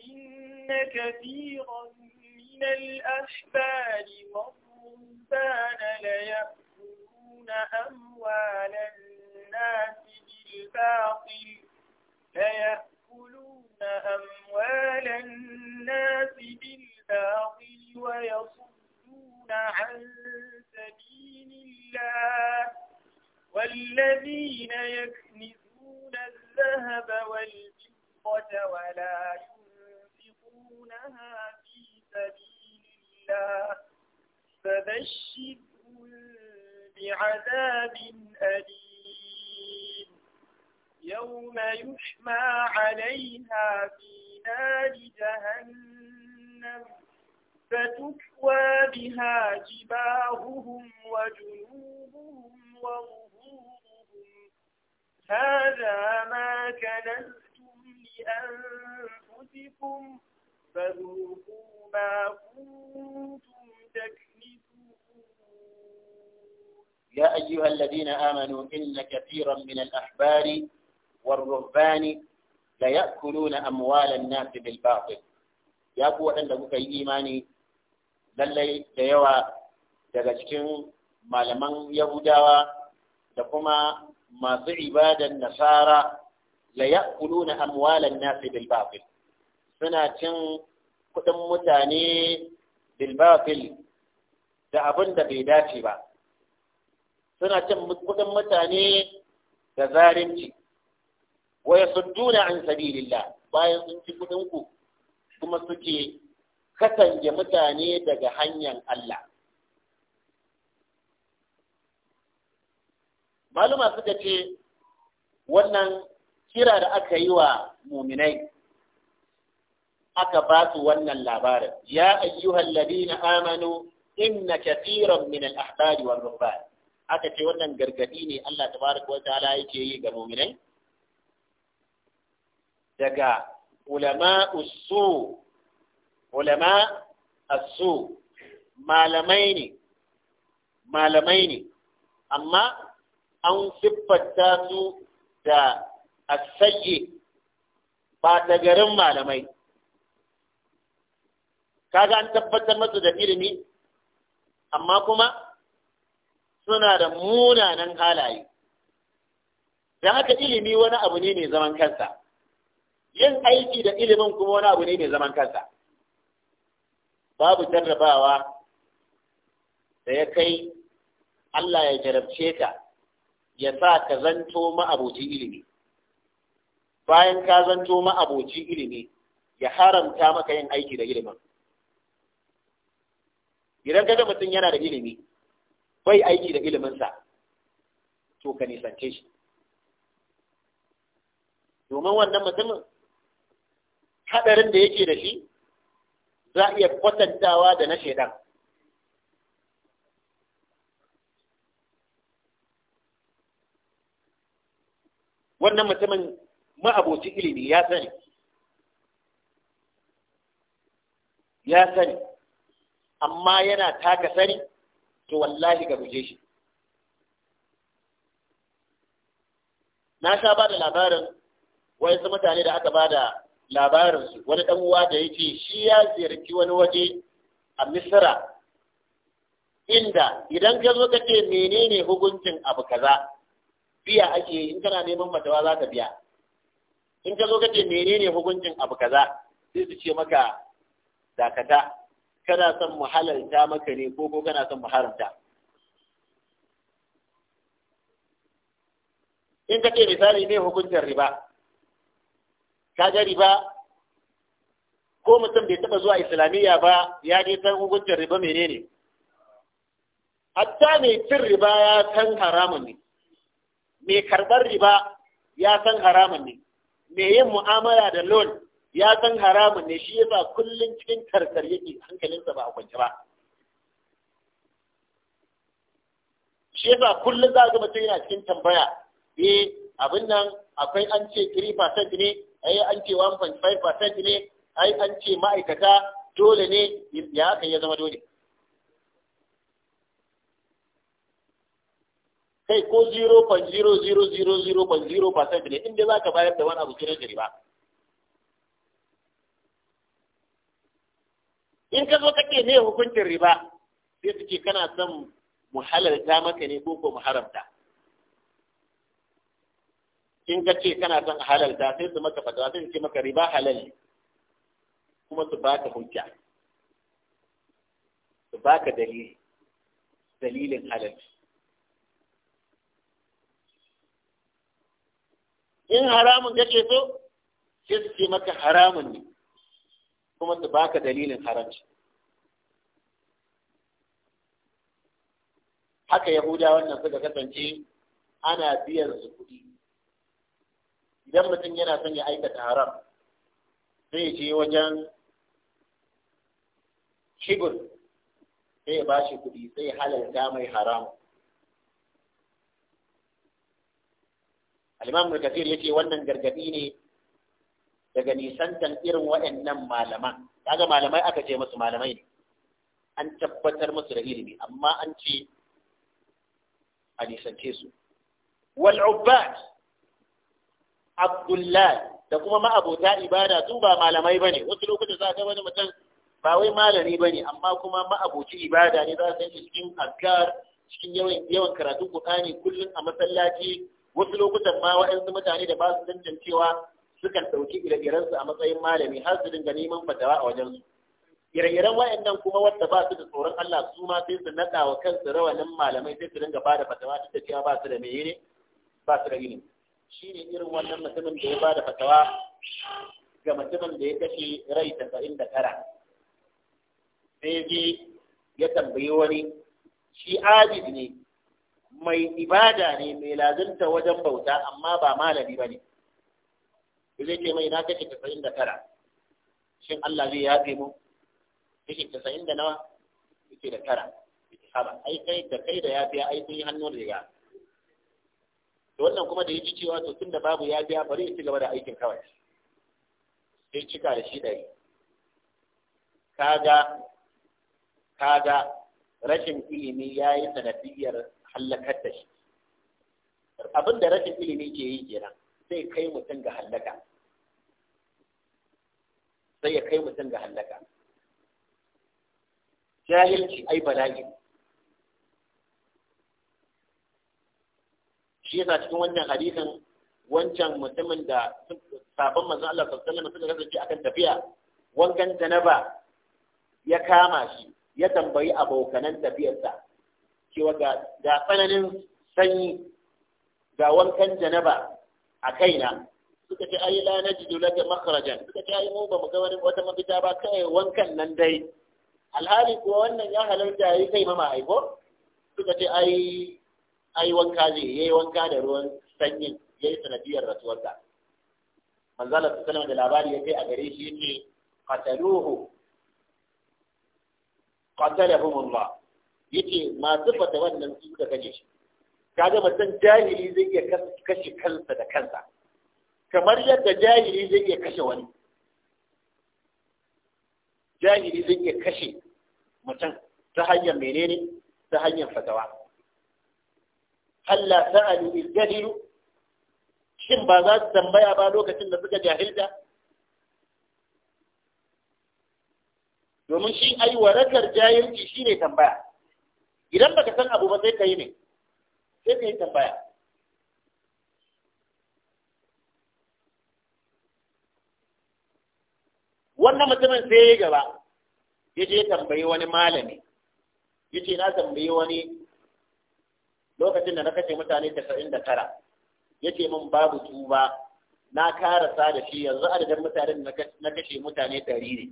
إن كثيرا من الأحبار والرهبان ليأكلون أموال الناس بالباطل ليأكلون أموال الناس بالباطل ويصدون عن سبيل الله والذين يكنزون الذهب والفضة ولا ينفقونها في سبيل الله فبشرهم بعذاب أليم يوم يحمى عليها في نار جهنم فتكوى بها جباههم وجنوبهم وظهورهم هذا ما كنزتم لأنفسكم فذوقوا ما كنتم تكنزون يا أيها الذين آمنوا إن كثيرا من الأحبار والرهبان ليأكلون أموال الناس بالباطل يا قوة عندك إيماني lallai da yawa daga cikin malaman yahudawa da kuma masu ibadan nasara la ya'kuluna amwalan nasi bil batil suna cin kudin mutane bil batil da abin da bai dace ba suna cin kudin mutane da zalunci wa yasudduna an sabilillah bayan sun ci kudin ku kuma suke katange mutane daga hanyar Allah maluma suka ce wannan kira da aka yi wa muminai aka ba su wannan labarin ya ayyuhal ladina amanu inna katiran min al-ahbari wal ruhban aka ce wannan gargadi ne Allah tabaraka wa ta'ala yake yi ga muminai daga ulama usu ulama asu malamai ne malamai ne amma an siffanta su da asayi ba ta garin malamai kaga an tabbatar masu da ilimi amma kuma suna da munanan halaye da haka ilimi wani abu ne mai zaman kansa yin aiki da ilimin kuma wani abu ne mai zaman kansa babu jarrabawa da ya kai Allah ya jarabce ka ya sa ka zanto ma'abocin ilimi bayan ka zanto ma'abocin ilimi ya haramta maka yin aiki da ilimin idan ga mutum yana da ilimi bai aiki da iliminsa to ka nisance shi domin wannan mutumin haɗarin da yake da shi za iya kwatantawa da na shaidan wannan mutumin ma'aboci ilimi ya sani ya sani amma yana taka sani to wallahi ga guje shi na sha ba da labarin wayansu mutane da aka ba da labarinsu wani ɗan uwa da yake shi ya ziyarci wani waje a misira inda idan ka zo ka ce menene hukuncin abu kaza biya ake yi in kana neman fatawa za ka biya in ka zo ka ce menene hukuncin abu kaza sai su ce maka dakata kana son mu halalta maka ne ko ko kana son mu haramta in ka ce misali ne hukuncin riba gari ba, ko mutum bai taɓa zuwa islamiyya ba ya dai san hukuncin riba menene hatta mai cin riba ya san haramun ne mai karɓar riba ya san haramun ne mai yin mu'amala da loan ya san haramun ne shi yasa kullum cikin karkar yake hankalinsa ba a kwance ba shi yasa kullum za ga mutum yana cikin tambaya eh abin nan akwai an ce 3% ne ai an ce 1.5% ne ai an ce ma'aikata dole ne ya haka ya zama dole kai ko 0.0000.0% ne inda za ka bayar da wani abu kira da riba in ka zo kake ne hukuncin riba sai suke kana son mu halarta maka ne ko ko mu haramta in ka ce kana son halalta sai su maka fatawa sai su ce maka riba halal kuma su baka hujja su baka dalili dalilin halal in haramun kake so sai su ce maka haramun ne kuma su baka dalilin haramci haka yahudawan nan suka kasance ana biyan su kuɗi idan mutum yana son ya aikata haram zai je wajen shibir sai ya ba shi kuɗi sai halarta mai haram Alimam ya ya ce wannan gargadi ne daga nisantan irin waɗannan malaman kaga malamai aka ce musu malamai ne an tabbatar musu da ilimi amma an ce a nisance su wal abdullah da kuma ma'abota ibada su ba malamai bane wasu lokacin za ka wani mutum ba wai malami bane amma kuma ma'aboci ibada ne za san shi cikin azkar cikin yawan yawan karatun Qur'ani kullun a masallaci wasu lokutan ma waɗansu mutane da ba su tantancewa sukan ɗauki ire-irensu a matsayin malami har su dinga neman fatawa a wajensu. Ire-iren waɗannan kuma wanda ba su da tsoron Allah su ma sai su naɗa wa kansu rawanin malamai sai su dinga ba da fatawa duk da cewa ba su da ne ba su da ne irin wannan mutumin da ya bada fatawa ga mutumin da ya kashe rai tasa'in da tara sai bi ya tambayi wani shi abid ne mai ibada ne mai lazimta wajen bauta amma ba malami ba ne zai ce mai na kashe tasa'in da tara shin Allah zai yafe mu kashe tasa'in da nawa yake da tara ai kai da kai da yafiya ai sun yi hannu riga da wannan kuma da ya ci cewa to tun da babu ya biya bari ya ci gaba da aikin kawai sai cika da shi ɗari kaga kaga rashin ilimi ya yi sanadiyar hallakar da shi abin da rashin ilimi ke yi kenan sai kai mutum ga hallaka sai ya kai mutum ga hallaka jahilci ai bala'i shi yasa cikin wannan hadisin wancan mutumin da sabon manzon Allah sallallahu alaihi wasallam suka kasance akan tafiya wankan janaba ya kama shi ya tambayi abokanan tafiyarsa cewa ga ga tsananin sanyi ga wankan janaba a kaina suka ce ayi la najidu laka makhrajan suka ce ayi mu ba mu ga wani wata mafita ba kai wankan nan dai alhali kuwa wannan ya halarta yayi kai mama aiko suka ce ai ai wanka ya yayi wanka da ruwan sanyin yayi sanadiyar rasuwarsa. manzala ta sanar da labari ya kai a gare shi yace qataluhu qatalahum Allah yace masu fata wannan su suka kaje shi kaga mutum jahili zai iya kashe kansa da kansa kamar yadda jahili zai iya kashe wani jahili zai iya kashe mutum ta hanyar menene ta hanyar fatawa halla sa'alu izdahilu shin ba za su tambaya ba lokacin da suka jahilta domin shi ai warakar jahilci shine tambaya idan baka san abu ba sai ka yi ne sai ka yi tambaya wannan mutumin sai ya gaba ya je tambayi wani malami ya ce na tambayi wani lokacin da na kashe mutane 99 yake min babu tuba na karasa da shi yanzu adadin mutanen na kashe mutane 100 ne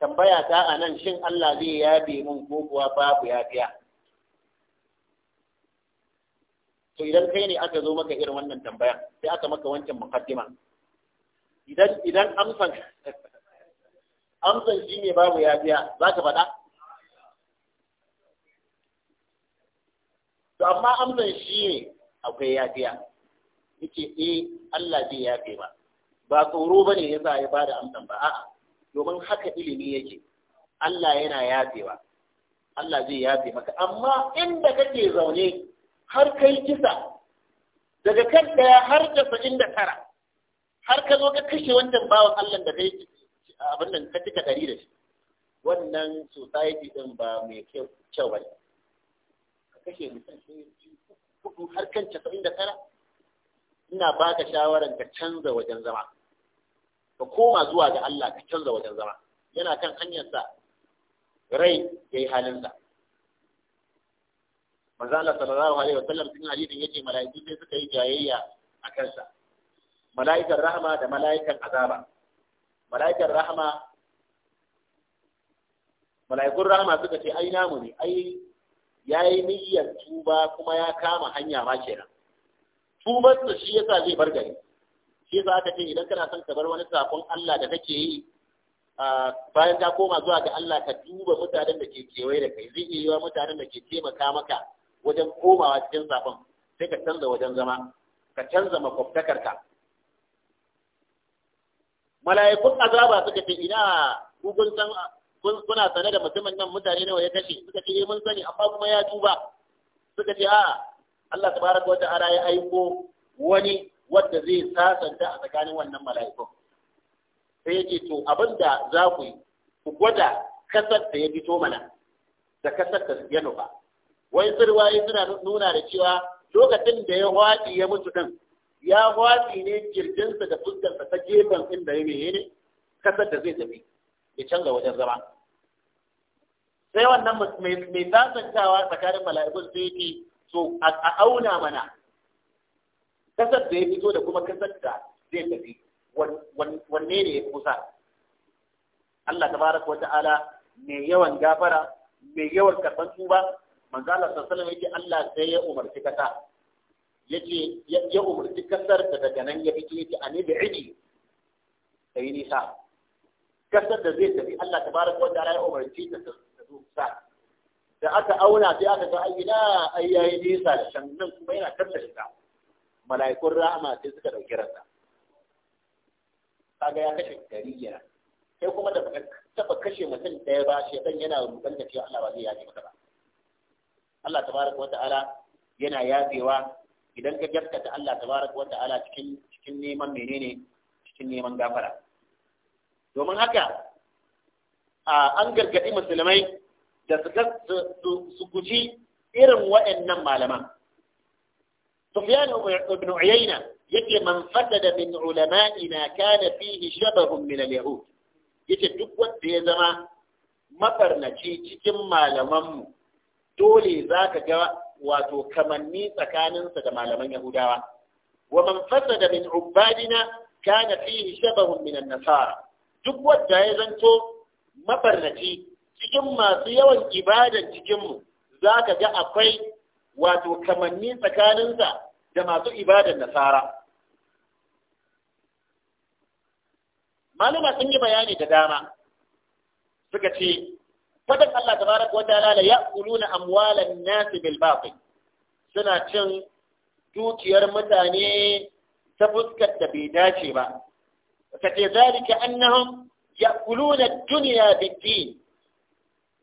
tambaya ta a nan shin Allah zai yabe min ko kuwa babu yafiya to idan kai ne aka zo maka irin wannan tambaya sai aka maka wancan muqaddima idan idan amsan amsan shine babu yafiya zaka faɗa to amma amsan shi ne akwai yafiya yake eh Allah zai yafe ba ba tsoro bane yasa ya bada amsan ba a'a domin haka ilimi yake Allah yana yafewa Allah zai yafe maka amma inda kake zaune har kai kisa daga kan daya har da tara har ka zo ka kashe wannan bawan Allah da kai abin nan ka cika dari da shi wannan society din ba mai kyau ba ne. kashe mutum hudu har kan casa'in da tara ina baka shawarar ka canza wajen zama ka koma zuwa ga Allah ka canza wajen zama yana kan hanyarsa rai ya yi halinsa manzo Allah sallallahu alaihi wasallam cikin hadisin yace mala'iku sai suka yi jayayya a kansa mala'ikan rahama da mala'ikan azaba mala'ikan rahama mala'ikun rahama suka ce ai namu ne ai ya yi niyyar tuba kuma ya kama hanya ma kenan da shi yasa zai bar gari shi yasa aka ce idan kana son ka bar wani sakon Allah da kake yi bayan ka koma zuwa ga Allah ka duba mutanen da ke kewaye da kai zai iya mutanen da ke taimaka maka wajen komawa cikin sakon sai ka canza wajen zama ka canza makwabtakarka mala'ikun azaba suka ce ina ku kuna sane da mutumin nan mutane nawa ya kashe suka ce eh, mun sani amma kuma ya duba. suka ce a'a Allah tabaraka wa ta'ala ya aiko wani wanda zai sasanta a tsakanin wannan mala'ikun sai yake to abinda za ku ku gwada kasar da ya fito mana da kasar da ya nufa wai sirwaye suna nuna da cewa lokacin da ya hwaɗi ya mutu ɗin ya hwaɗi ne kirjinsa da fuskarsa ta gefen inda ya ne kasar da zai tafi ya canza wajen zama sai wannan mai sasantawa tsakanin mala'ikun su yake so a auna mana kasar da ya fito da kuma kasar da zai tafi wanne ne ya kusa Allah Ta fara wa ta'ala mai yawan gafara mai yawan karɓar tuba manzala Allah sallallahu alaihi yake Allah sai ya umarci kasa yace ya umarci kasar da daga nan ya fito yace ani bi'idi sai nisa kasar da zai tafi Allah Ta fara wa ta'ala ya umarci ta tusa da aka auna sai aka ga ai na ai yayi nisa da shan nan kuma yana kanta shiga mala'ikun rahama sai suka dauki ransa kaga ya kashe gari yana sai kuma da baka taba kashe mutum daya ba dan yana ruban da cewa Allah ba zai yaji maka ba Allah tabaraka wa ta'ala yana yafewa idan ka gaskata Allah tabaraka wa ta'ala cikin cikin neman menene cikin neman gafara domin haka an gargaɗi musulmai da su guji irin waɗannan malaman. Sufyan ibn Uyayna yake man faddada min na kana fihi shabahun min al-yahud yake duk wanda ya zama mafarnaci cikin malamanmu dole zaka ga wato kamanni tsakaninsa da malaman Yahudawa wa man faddada min ubadina kana fihi shabahun min an-nasara duk wanda ya zanto mafarnaci cikin masu yawan ibadar cikinmu za ka ga akwai wato kamanni tsakaninsa da masu ibadar nasara maluma sun yi bayani da dama suka ce Fadar Allah ta tabaraka wata ta'ala ya ya'kuluna amwalan nasi bil suna cin dukiyar mutane ta fuskar da bai dace ba Ka kace zalika annahum ya ƙulu na duniya, Bikin.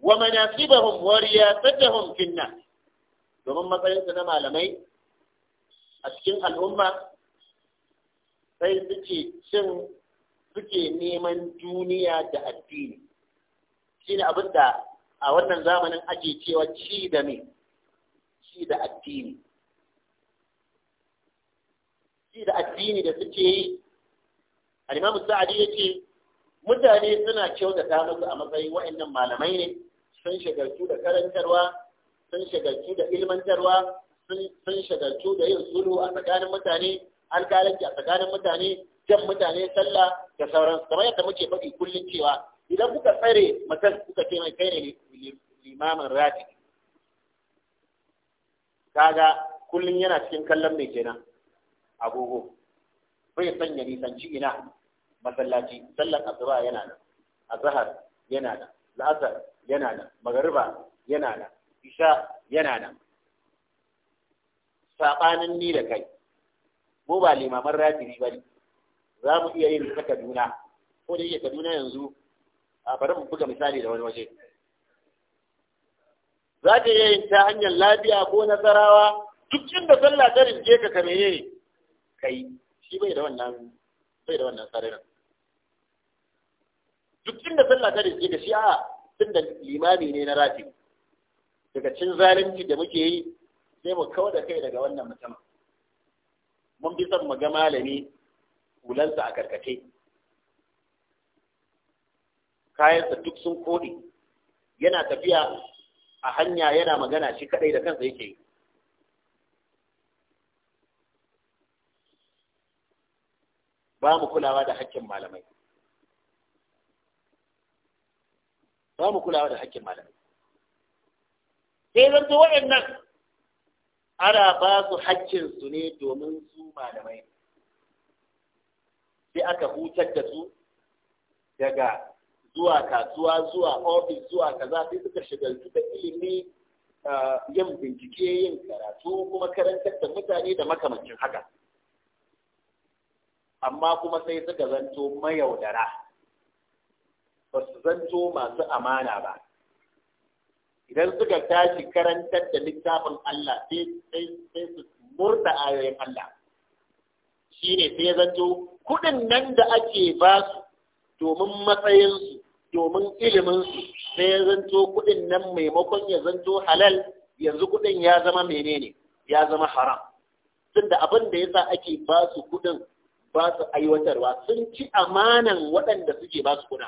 wa manaqibahum wa riyasatahum fi domin matsayin su na malamai a cikin al'umma sai suke cin suke neman duniya da addini shine abin da a wannan zamanin ake cewa ci da me ci da addini ci da addini da suke yi alimamu imam sa'adi ce mutane suna kyautata musu a matsayin wa'annan malamai ne sun shagaltu da karantarwa sun shagaltu da ilmantarwa sun shagaltu da yin sulhu a tsakanin mutane alƙalanci a tsakanin mutane jan mutane sallah da sauran kamar yadda muke faɗi kullum cewa idan kuka tsare mutum kuka ce mai kai ne limamin rati kaga kullum yana cikin kallon mai kenan agogo bai sanya nisanci ina masallaci sallan asuba yana nan azahar yana nan la'asar yana nan magariba yana nan isha yana nan saɓanin ni da kai mu ba limaman rafiri ba ne za mu iya yin ta kaduna ko da yake kaduna yanzu a bari mu buga misali da wani waje za ta iya yin ta hanyar lafiya ko nasarawa duk inda sallah ta rinje ka kame ne kai shi bai da wannan bai da wannan sararin duk inda sallah ta riske ga shi a da limami ne na rafi daga cin zalunci da muke yi sai mu kawar da kai daga wannan mutum mun fi son mu ga malami hulansa a karkace kayansa duk sun kodi yana tafiya a hanya yana magana shi kadai da kansa yake yi ba mu kulawa da hakkin malamai ba mu kulawa da haƙƙin malamai sai zan to waɗannan ana ba su haƙƙinsu ne domin su malamai sai aka hutar da su daga zuwa kasuwa zuwa ofis zuwa kaza sai suka shigaltu da ilimi yin bincike yin karatu kuma karantar da mutane da makamancin haka amma kuma sai suka zanto mayaudara ba su zanto masu amana ba idan suka tashi karantar da littafin Allah sai su murda ayoyin Allah shi ne sai ya zanto kuɗin nan da ake ba su domin matsayinsu domin iliminsu sai ya zanto kuɗin nan maimakon ya zanto halal yanzu kuɗin ya zama menene ya zama haram tunda abin da yasa ake ba su kuɗin ba su aiwatarwa sun ci amanan waɗanda suke ba su kuɗin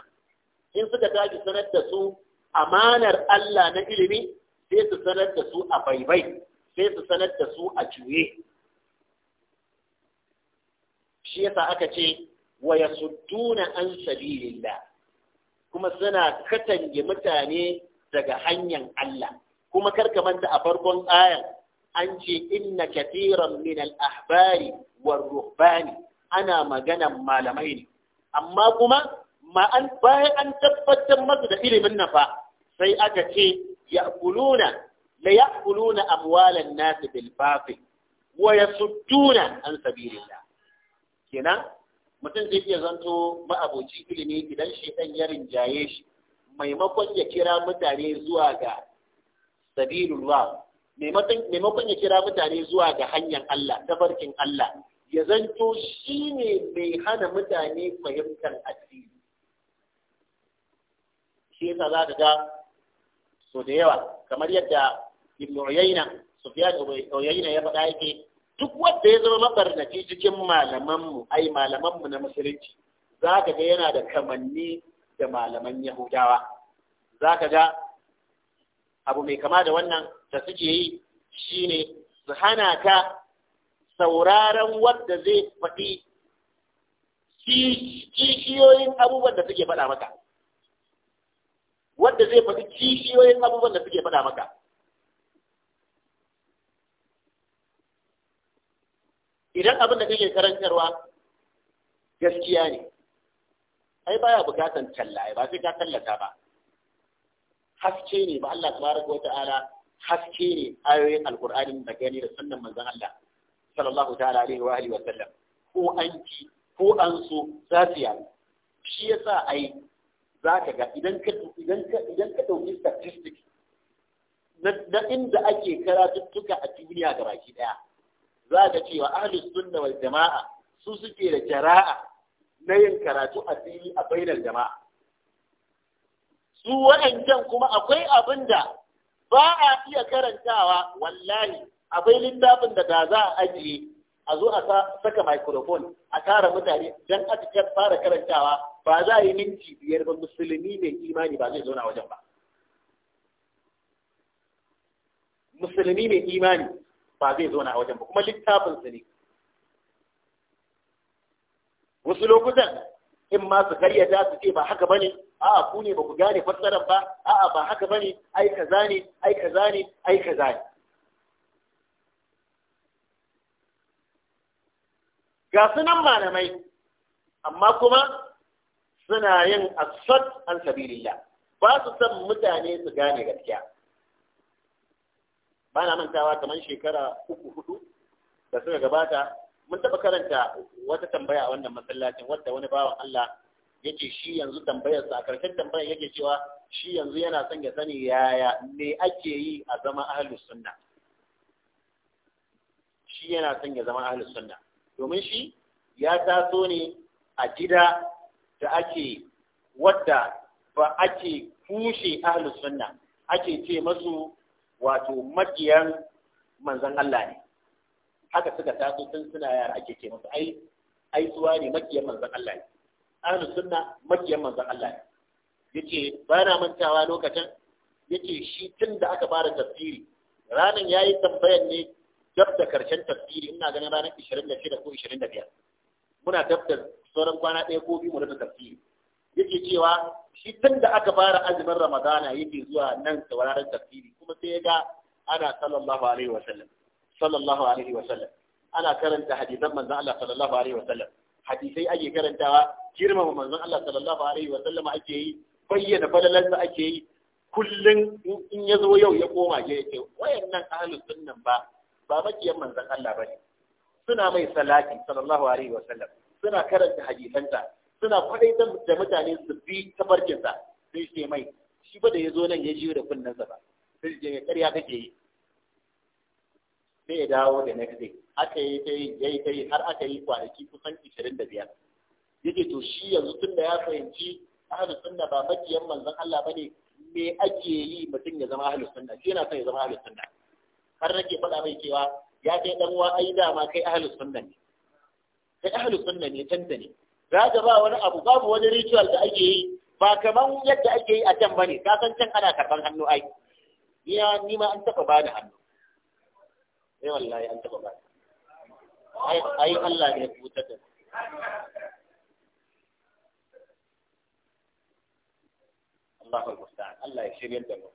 in suka tashi sanar da su amanar Allah na ilimi sai su sanar da su a baibai sai su sanar da su a juye shi yasa aka ce wa yasudduna an sabilillah kuma suna katange mutane daga hanyar Allah kuma karka manta a farkon ayan an ce inna katiran min al-ahbari war ruhbani ana maganan malamai ne amma kuma ma an bayan an tabbatar masa da ilimin nan fa sai aka ce ya'kuluna la ya'kuluna amwalan nas bil batil wa yasudduna an sabilillah kenan mutum zai iya zanto ma'aboci ilimi idan shi dan ya rinjaye shi maimakon ya kira mutane zuwa ga sabilullah maimakon ya kira mutane zuwa ga hanyar Allah tafarkin Allah ya zanto shine mai hana mutane fahimtar addini shi yasa za ka ga so da yawa kamar yadda ibn uyayna sufyan uyayna ya faɗa yake duk wanda ya zama mabarnaci cikin malaman mu ai malaman mu na musulunci za ka ga yana da kamanni da malaman yahudawa za ka ga abu mai kama da wannan da suke yi shine su hana ka sauraron wanda zai faɗi kishiyoyin abubuwan da suke faɗa maka wanda zai faɗi kishiyoyin abubuwan da suke faɗa maka idan abin da kake karantarwa gaskiya ne ai baya bukatan talla ba sai ka tallata ba haske ne ba Allah tabaraka wata'ala haske ne ayoyin alkur'anin da gani da sannan manzan Allah sallallahu ta'ala alaihi wa alihi wa sallam ko an ki ko an so yi. shi yasa ai za ka ga idan ka dauki ɗauki statistics na inda ake karatuttuka a duniya ga baki ɗaya za ka cewa ahlus sunna wal jama'a su suke da jara'a na yin karatu a fili a bainar jama'a su waɗancan kuma akwai abin da ba a iya karantawa wallahi a littafin da da za a ajiye a zo a saka microphone a tara mutane don aka fara karantawa ba za a yi minti biyar ba musulmi mai imani ba zai zauna wajen ba musulmi mai imani ba zai zauna wajen ba kuma littafin su ne wasu lokutan in ma su ta su ce ba haka bane a'a ku ne ba ku gane fassarar ba a'a ba haka bane ai kaza ne ai kaza ne ai kaza ne ga sunan malamai amma kuma suna yin asad an sabilillah ba su san mutane su gane gaskiya ba na mantawa kamar shekara uku hudu da suka gabata mun taɓa karanta wata tambaya a wannan masallacin wadda wani bawan Allah yake shi yanzu tambayarsa a karshen tambayar yake cewa shi yanzu yana son ya sani yaya me ake yi a zama ahlus sunna shi yana son ya zama ahlus sunna domin shi ya taso ne a gida da ake wadda ba ake kushe ahlus sunna ake ce masu wato makiyan manzon Allah ne haka suka taso tun suna yara ake ce masu ai ai suwa ne makiyan manzon Allah ne ahlus sunna makiyan manzon Allah ne yace ba na mantawa lokacin yace shi tun da aka fara tafsiri ranan yayi tambayar ne dab da karshen tafsiri ina ganin ranar 26 ko 25 muna dab da sauran kwana ɗaya ko biyu mu rufe tafsiri yake cewa shi tun da aka fara azumin ramadana yake zuwa nan sauraron tafsiri kuma sai ya ga ana sallallahu alaihi wasallam sallallahu alaihi wasallam ana karanta hadisan manzon Allah sallallahu alaihi wasallam hadisai ake karantawa girmama manzon Allah sallallahu alaihi wasallam ake yi bayyana falalansa ake yi kullun in ya zo yau ya koma ya ce wayannan ahlus sunnan ba ba makiyan manzan Allah ba ne. suna mai salati sallallahu alaihi wasallam suna karanta hadisanta suna kwadaitar da mutane su bi tafarkinsa sai ce mai shi ba da ya zo nan ya jiyo da kunnensa ba sai ce mai karya kake yi sai ya dawo da next day aka yi ta yi ya yi ta yi har aka yi kwanaki kusan 25 yake to shi yanzu tun da ya fahimci ahlus sunna ba makiyan manzan Allah ba ne me ake yi mutum ya zama ahlus sunna shi yana son ya zama ahlus sunna har nake faɗa mai cewa ya kai dan uwa ai dama kai ahlus sunna ne kai ahlus sunna ne tanda ne zaka ba wani abu babu wani ritual da ake yi ba kaman yadda ake yi a can bane ka san can ana karban hannu ai ni ni ma an taba bada hannu eh wallahi an taba bada. ai ai Allah ne ya kuta da Allah Allah ya shirye da mu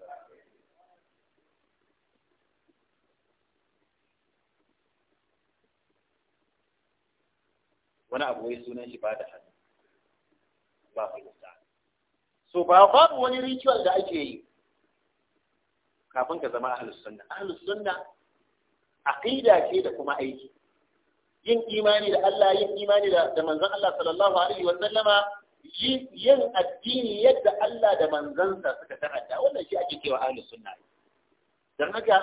wani abu wai sunan shi ba da hannu ba fahimta so ba babu wani ritual da ake yi kafin ka zama ahlus sunna ahlus sunna aqida ce da kuma aiki yin imani da Allah yin imani da da manzon Allah sallallahu alaihi wa sallama yin addini yadda Allah da manzansa suka tarada wannan shi ake cewa ahlus sunna dan haka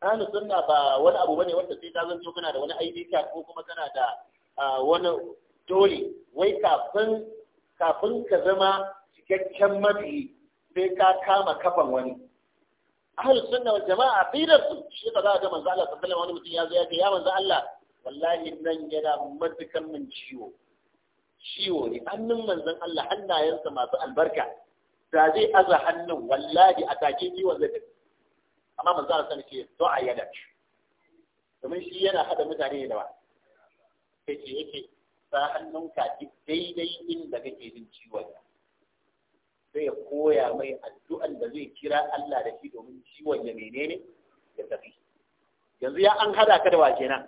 ahlus sunna ba wani abu bane wanda sai ka zanto kana da wani ID card ko kuma kana da wani dole wai kafin kafin ka zama cikakken mabiyi sai ka kama kafan wani ahal sunna wal jama'a aqidar su shi ka za ga manzo Allah sallallahu alaihi wasallam wani mutum ya zo ya ce ya manzo Allah wallahi nan yana matukan min ciwo ciwo ne hannun manzon Allah hannayensa masu albarka da zai aza hannun wallahi a take ciwon zai tafi amma manzo Allah sallallahu alaihi wasallam ce to a yada domin shi yana hada mutane da ba sai ce yake sa hannunka duk daidai inda kake jin ciwon sai ya koya mai addu'an da zai kira Allah da shi domin ciwon ya menene ya tafi yanzu ya an hada ka da wa kenan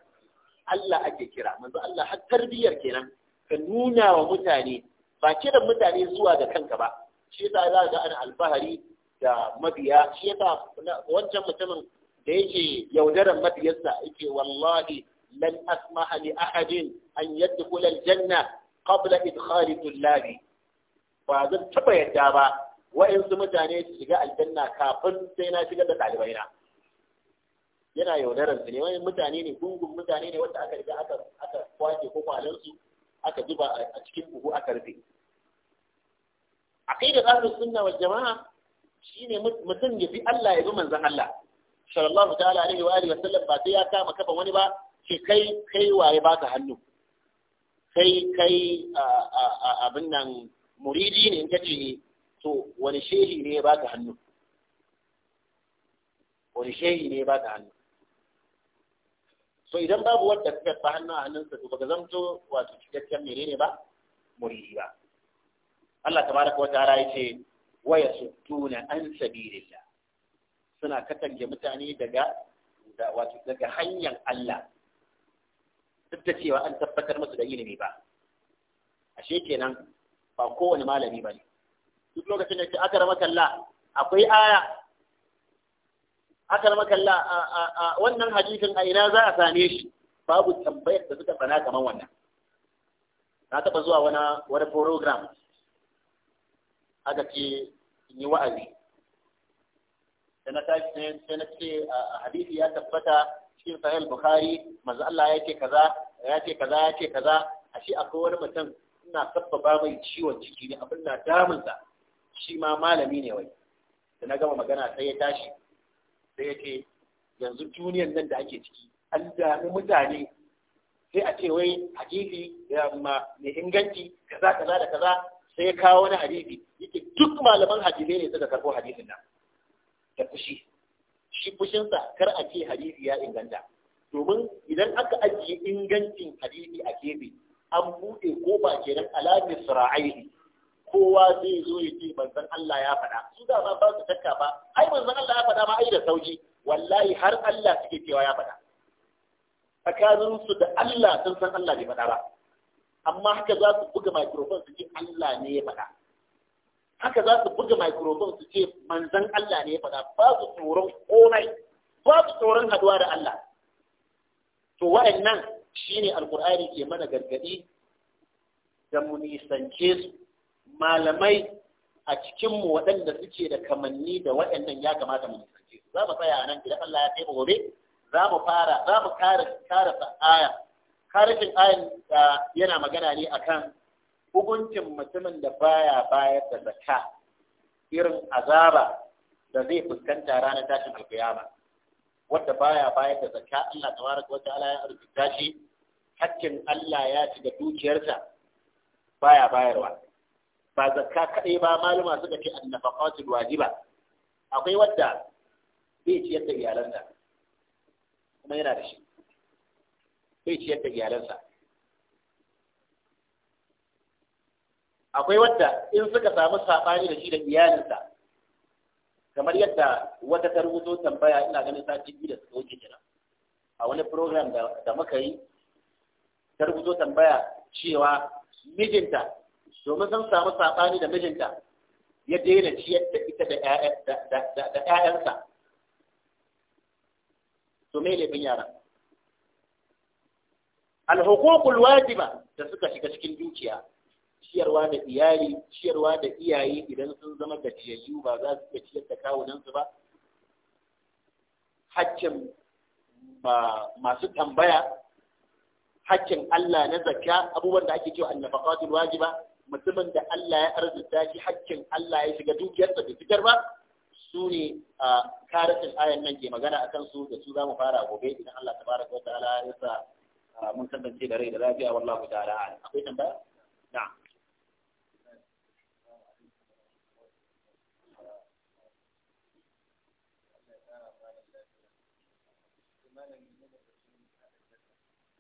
Allah ake kira manzo Allah har tarbiyar kenan ka nuna wa mutane ba kiran mutane zuwa ga kanka ba shi yasa za ga ana albahari da mabiya shi yasa wancan mutumin da yake yaudaran mabiyarsa yake wallahi لن أسمح لأحد أن يدخل الجنة قبل إدخال طلابي فهذا تبا يدابا وإن سمتاني شجاء الجنة كافن سينا شجاء تعلبينا yana yaudarar su ne wani mutane ne gungun mutane ne wanda aka riga aka aka kwace ko kwalansu aka zuba a cikin buhu aka rufe aqida ahlus sunna wal jamaa shine mutum ya bi Allah ya bi manzon Allah sallallahu ta'ala alaihi wa alihi wa sallam ba sai ya kama kafa wani ba Ki kai kai waye baka hannu kai kai abin nan muridi ne in kace ni to wani shehi ne ba baka hannu wani shehi ne ba baka hannu so idan babu wanda suka fa hannu a hannunsa to baka zamto wato cikakken ne ba muridi ba Allah tabaraka wa ta'ala yace wa yasuttuna an sabilillah suna katange mutane daga wato daga hanyar Allah duk da cewa an tabbatar musu da ilimi ba ashe kenan ba kowane malami ba ne duk lokacin da ce aka rama kalla akwai aya aka rama kalla a wannan hadisin a ina za a same shi babu tambayar da suka fana kamar wannan na taɓa zuwa wani wani program aka ce yi wa'azi Da na ce a hadisi ya tabbata cikin sahih bukhari manzo Allah yake kaza ya ce kaza ya ce kaza shi akwai wani mutum ina sabbaba mai ciwon ciki ne abin na damunsa shi ma malami ne wai da na gama magana sai ya tashi sai ya ce yanzu duniyan nan da ake ciki an dami mutane sai a ce wai hadisi mai inganci kaza kaza da kaza sai ya kawo wani hadisi yake duk malaman hadisai ne suka karɓo hadisin nan da fushi shi fushinsa kar a ce hadisi ya inganta domin idan aka ajiye ingancin hadisi a gefe an buɗe kofa kenan alamir sira'aihi kowa zai zo ya ce manzon Allah ya faɗa su da ma ba su takka ba ai manzon Allah ya faɗa ma ai da sauki wallahi har Allah suke cewa ya faɗa tsakanin su da Allah sun san Allah bai faɗa ba amma haka za su buga microphone su ce Allah ne ya faɗa haka za su buga microphone su ce manzon Allah ne ya faɗa ba su tsoron komai ba su tsoron haduwa da Allah to wa'annan ne alkur'ani ke mana gargadi da mu nisance su malamai a cikinmu waɗanda suke da kamanni da waɗannan ya kamata mu nisance su za mu tsaya a nan idan Allah ya kai gobe za mu fara za mu kare aya karfin ayan yana magana ne akan hukuncin mutumin da baya bayar da zakka irin azaba da zai fuskanta ranar tashin ba wanda baya bayar da zakka Allah tabaraka wa ta'ala ya arzuta shi hakkin Allah ya shiga dukiyarsa baya bayarwa ba zakka kadai ba maluma suka ce annafaqatul wajiba akwai wanda bai ci yadda iyalansa kuma yana da shi bai ci yadda iyalansa akwai wanda in suka samu sabani da shi da iyalinsa kamar yadda wata ta rubuto tambaya ina ganin sati biyu da suka wuce kenan a wani program da muka yi ta rubuto tambaya cewa mijinta domin sun samu saɓani da mijinta ya daina ciyar da ita da ‘ya'yansa to me laifin yaran alhukukul wajiba da suka shiga cikin dukiya ciyarwa da iyali ciyarwa da iyaye idan sun zama gajiyayyu ba za su iya ciyar da kawunansu ba haƙƙin masu tambaya haƙƙin Allah na zakka abubuwan da ake cewa annafaqatul wajiba mutumin da Allah ya arzuta shi haƙƙin Allah ya shiga dukiyarsa da fitar ba su ne a karatin ayan nan ke magana akan su da su zamu fara gobe idan Allah tabaraka wa ta'ala ya sa mun kasance da rai da lafiya wallahu ta'ala akwai tambaya na'am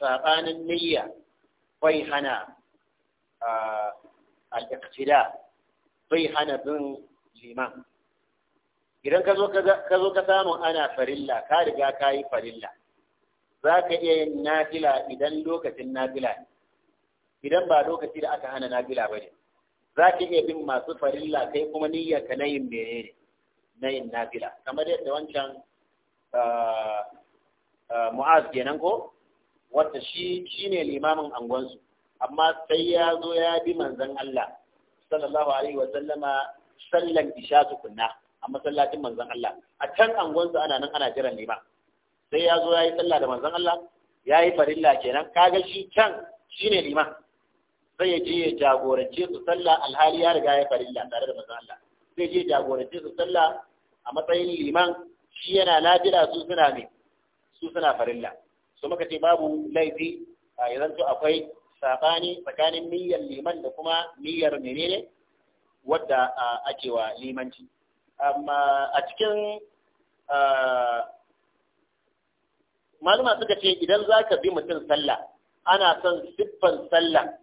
saɓanin niyya bai hana al'iktida bai hana bin liman idan ka zo ka samu ana farilla ka riga ka yi farilla za ka iya yin nafila idan lokacin nafila ne idan ba lokacin da aka hana nafila ba ne za ka iya bin masu farilla kai kuma niyyar ka na yin mene ne na yin nafila kamar yadda wancan mu'az kenan ko wanda shi shine limamin angonsu amma sai ya zo ya bi manzan Allah sallallahu alaihi wa sallama sallan isha tukunna a masallacin manzan Allah a can angonsu ana nan ana jiran liman sai ya zo ya yi sallah da manzan Allah ya yi farilla kenan kaga shi can shine liman sai ya je ya jagorance su sallah alhali ya riga ya farilla tare da manzon Allah sai je jagorance su sallah a matsayin liman shi yana nafila su suna ne su suna farilla su muka ce babu laifi a yanzu akwai sabani tsakanin niyyar liman da kuma niyyar menene wadda ake wa limanci amma a cikin maluma suka ce idan za ka bi mutum sallah ana son siffan sallah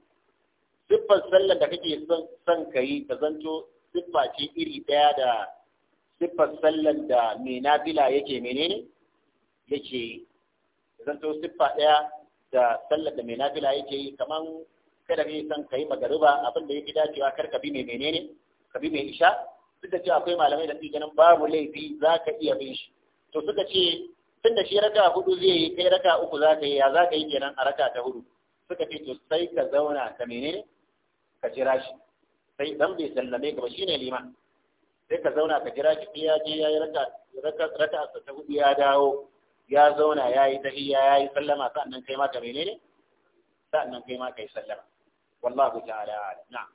siffan sallah da kake son ka yi ta zanto siffa ce iri ɗaya da siffan sallah da mai nafila yake menene yake zan siffa ɗaya da sallar da mai nafila yake yi kaman kada ne san kai magariba abin da yake dacewa kar ka bi mai menene ka bi mai isha duk da cewa akwai malamai da suke ganin babu laifi za ka iya bin shi to suka ce tun da shi raka hudu zai yi kai raka uku za ka yi ya za ka yi kenan a raka ta hudu suka ce to sai ka zauna ka menene ka jira shi sai dan bai sallame ka ba shine liman sai ka zauna ka jira shi ya je ya yi raka raka ta hudu ya dawo ya zauna ya yi tahiyya ya yi sallama sa'annan kai ma ka menene sa'annan kai ma ka yi sallama wallahu ta'ala na'am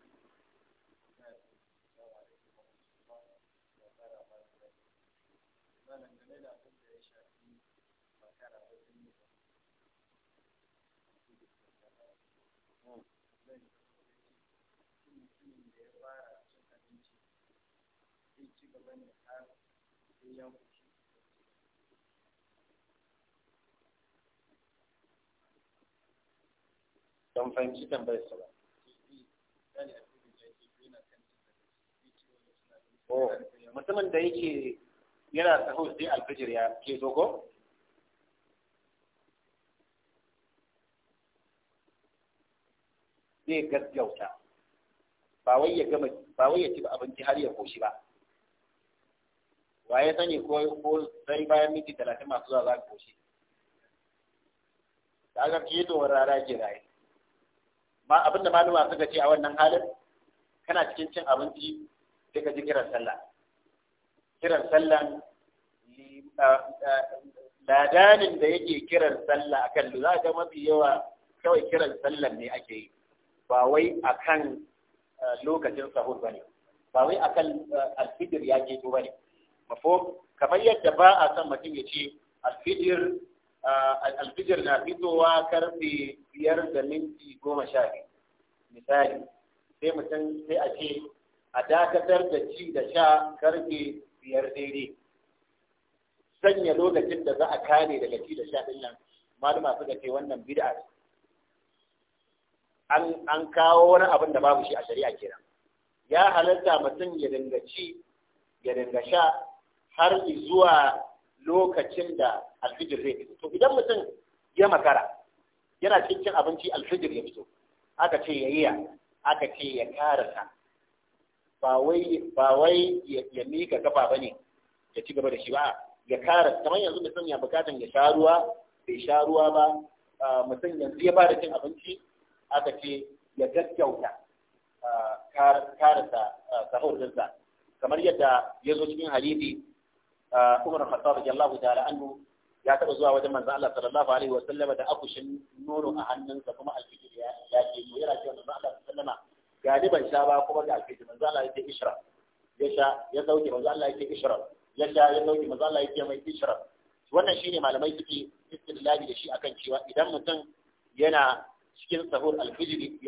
ban fahimci tambayar sa ba oh mutumin da yake yana sahur sai alfajir ya ke dogo zai gaggauta ba wai ya gama ba wai ya ci abinci har ya koshi ba waye sani ko ko sai bayan miki talatin masu zuwa za ku koshi da aka to rara ke raye ma abin da maluma suka ce a wannan halin kana cikin cin abinci sai ka ji kiran sallah kiran sallan eh, eh, ladanin da yake kiran sallah akan za ga mafi yawa kawai kiran sallan ne ake yi ba wai akan eh, lokacin sahur bane ba wai akan alfijir ya ke to bane mafo kamar yadda ba a san mutum ya ce alfijir alfijir na fitowa karfe biyar da minti goma sha biyu misali sai mutum sai a ce a dakatar da ci da sha karfe biyar daidai sanya lokacin da za a kare daga ci da sha ɗin nan maluma suka ce wannan bid'a ce an an kawo wani abin da babu shi a shari'a kenan ya halatta mutum ya dinga ci ya dinga sha har zuwa lokacin da alfijir zai fito to idan mutum ya makara yana cikin abinci alfijir ya fito aka ce ya yi aka ce ya karasa ba wai ba wai ya mika kafa bane ya ci gaba da shi ba ya karasa kamar yanzu mutum ya bukatan ya sha ruwa bai sha ruwa ba mutum yanzu ya fara cin abinci aka ce ya gaskauta karasa sahur dinsa kamar yadda ya zo cikin hadisi Umar Khattab radiyallahu ta'ala anhu ya taɓa zuwa wajen manzon Allah sallallahu alaihi wa sallama da akushin nono a hannunsa kuma alfijir ya ya ce mu yana cewa manzon Allah sallama galiban sha ba kuma ga alfijir manzon Allah yake ishra ya sha ya dauke manzon Allah yake ishra ya sha ya dauke manzon Allah yake mai ishra wannan shine malamai suke istidlali da shi akan cewa idan mutum yana cikin sahur alfijiri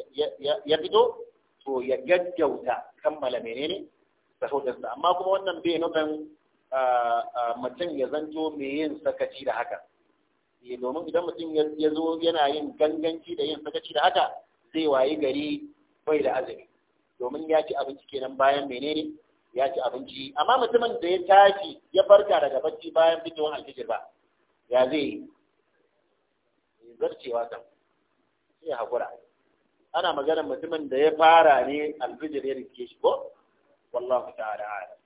ya fito to ya gaggauta kammala menene sahur ɗinsa amma kuma wannan bai nufin mutum ya zanto mai yin sakaci da haka eh, domin idan mutum ya zo yana yin ganganci da yin sakaci da haka zai wayi gari bai da azumi domin ya ci abinci kenan bayan menene ya ci abinci amma mutumin da ya tashi ya farka daga bacci bayan fitowar alfijir ba ya zai eh, zarcewa kan sai hakura ana maganar mutumin da ya fara ne alfijir ya rike shi ko wallahu ta'ala a'lam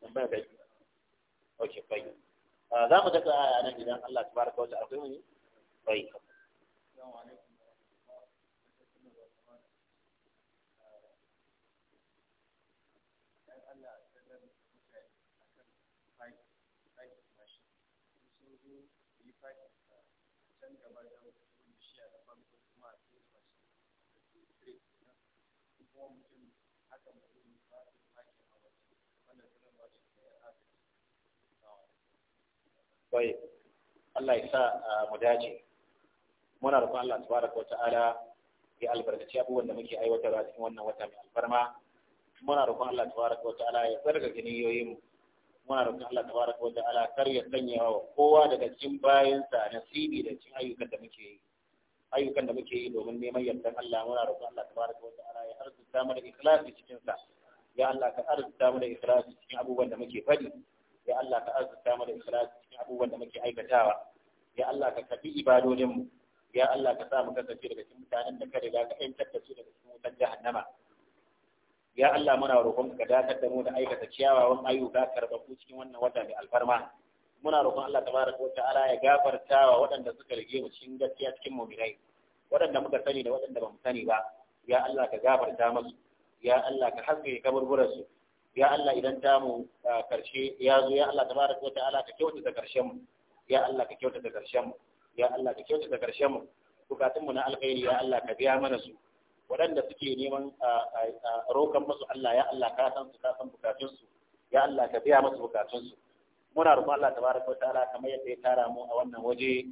tambaya ok bai ah, za mu daga a nan gidan Allah tabaraka wa ta'ala akwai mu ne bai tayyib Allah ya sa mu dace muna roƙon Allah tabaraka wata'ala ya albarkaci abubuwan da muke aiwatarwa cikin wannan wata mai alfarma muna roƙon Allah tabaraka wata'ala ya tsarga giniyoyin muna roƙon Allah tabaraka wata'ala kar ya sanya wa kowa daga cikin bayansa nasibi da cikin ayyukan da muke yi ayyukan da muke yi domin neman yardan Allah muna roƙon Allah tabaraka wata'ala ya arzuta mana ikhlasi cikin sa ya Allah ka arzuta mana ikhlasi cikin abubuwan da muke faɗi ya Allah ka arzuta mu da ikhlasi cikin abubuwan da muke aikatawa ya Allah ka kabi ibadodin mu ya Allah ka sa mu kasance daga cikin mutanen da ka riga ka yantar da su daga cikin wutar jahannama ya Allah muna roƙon ka dakatar da mu da aikata ciyawawan ayyuka karbabu cikin wannan wata mai alfarma muna roƙon Allah tabaraka wa ta'ala ya gafarta wa waɗanda suka rige mu cikin gaskiya cikin mu'minai waɗanda muka sani da waɗanda ba mu sani ba ya Allah ka gafarta musu ya Allah ka haske su. ya Allah idan karshe ya zo ya Allah tabaraka wa ta'ala ka karshen mu ya Allah ka karshen mu ya Allah ka karshen mu bukatun mu na alkhairi ya Allah ka biya mana su waɗanda suke neman rokan musu Allah ya Allah ka san su ka san bukatun su ya Allah ka biya masu bukatun su muna roƙon Allah tabaraka wa ta'ala kamar yadda ya tara mu a wannan waje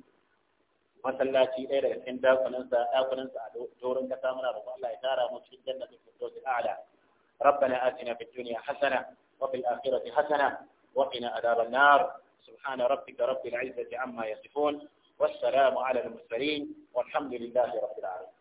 masallaci ɗaya daga cikin dakunansa dakunansa a doron kasa muna roƙon Allah ya tara mu cikin jannatin firdausi a'la ربنا آتنا في الدنيا حسنة وفي الآخرة حسنة وقنا عذاب النار سبحان ربك رب العزة عما يصفون والسلام على المرسلين والحمد لله رب العالمين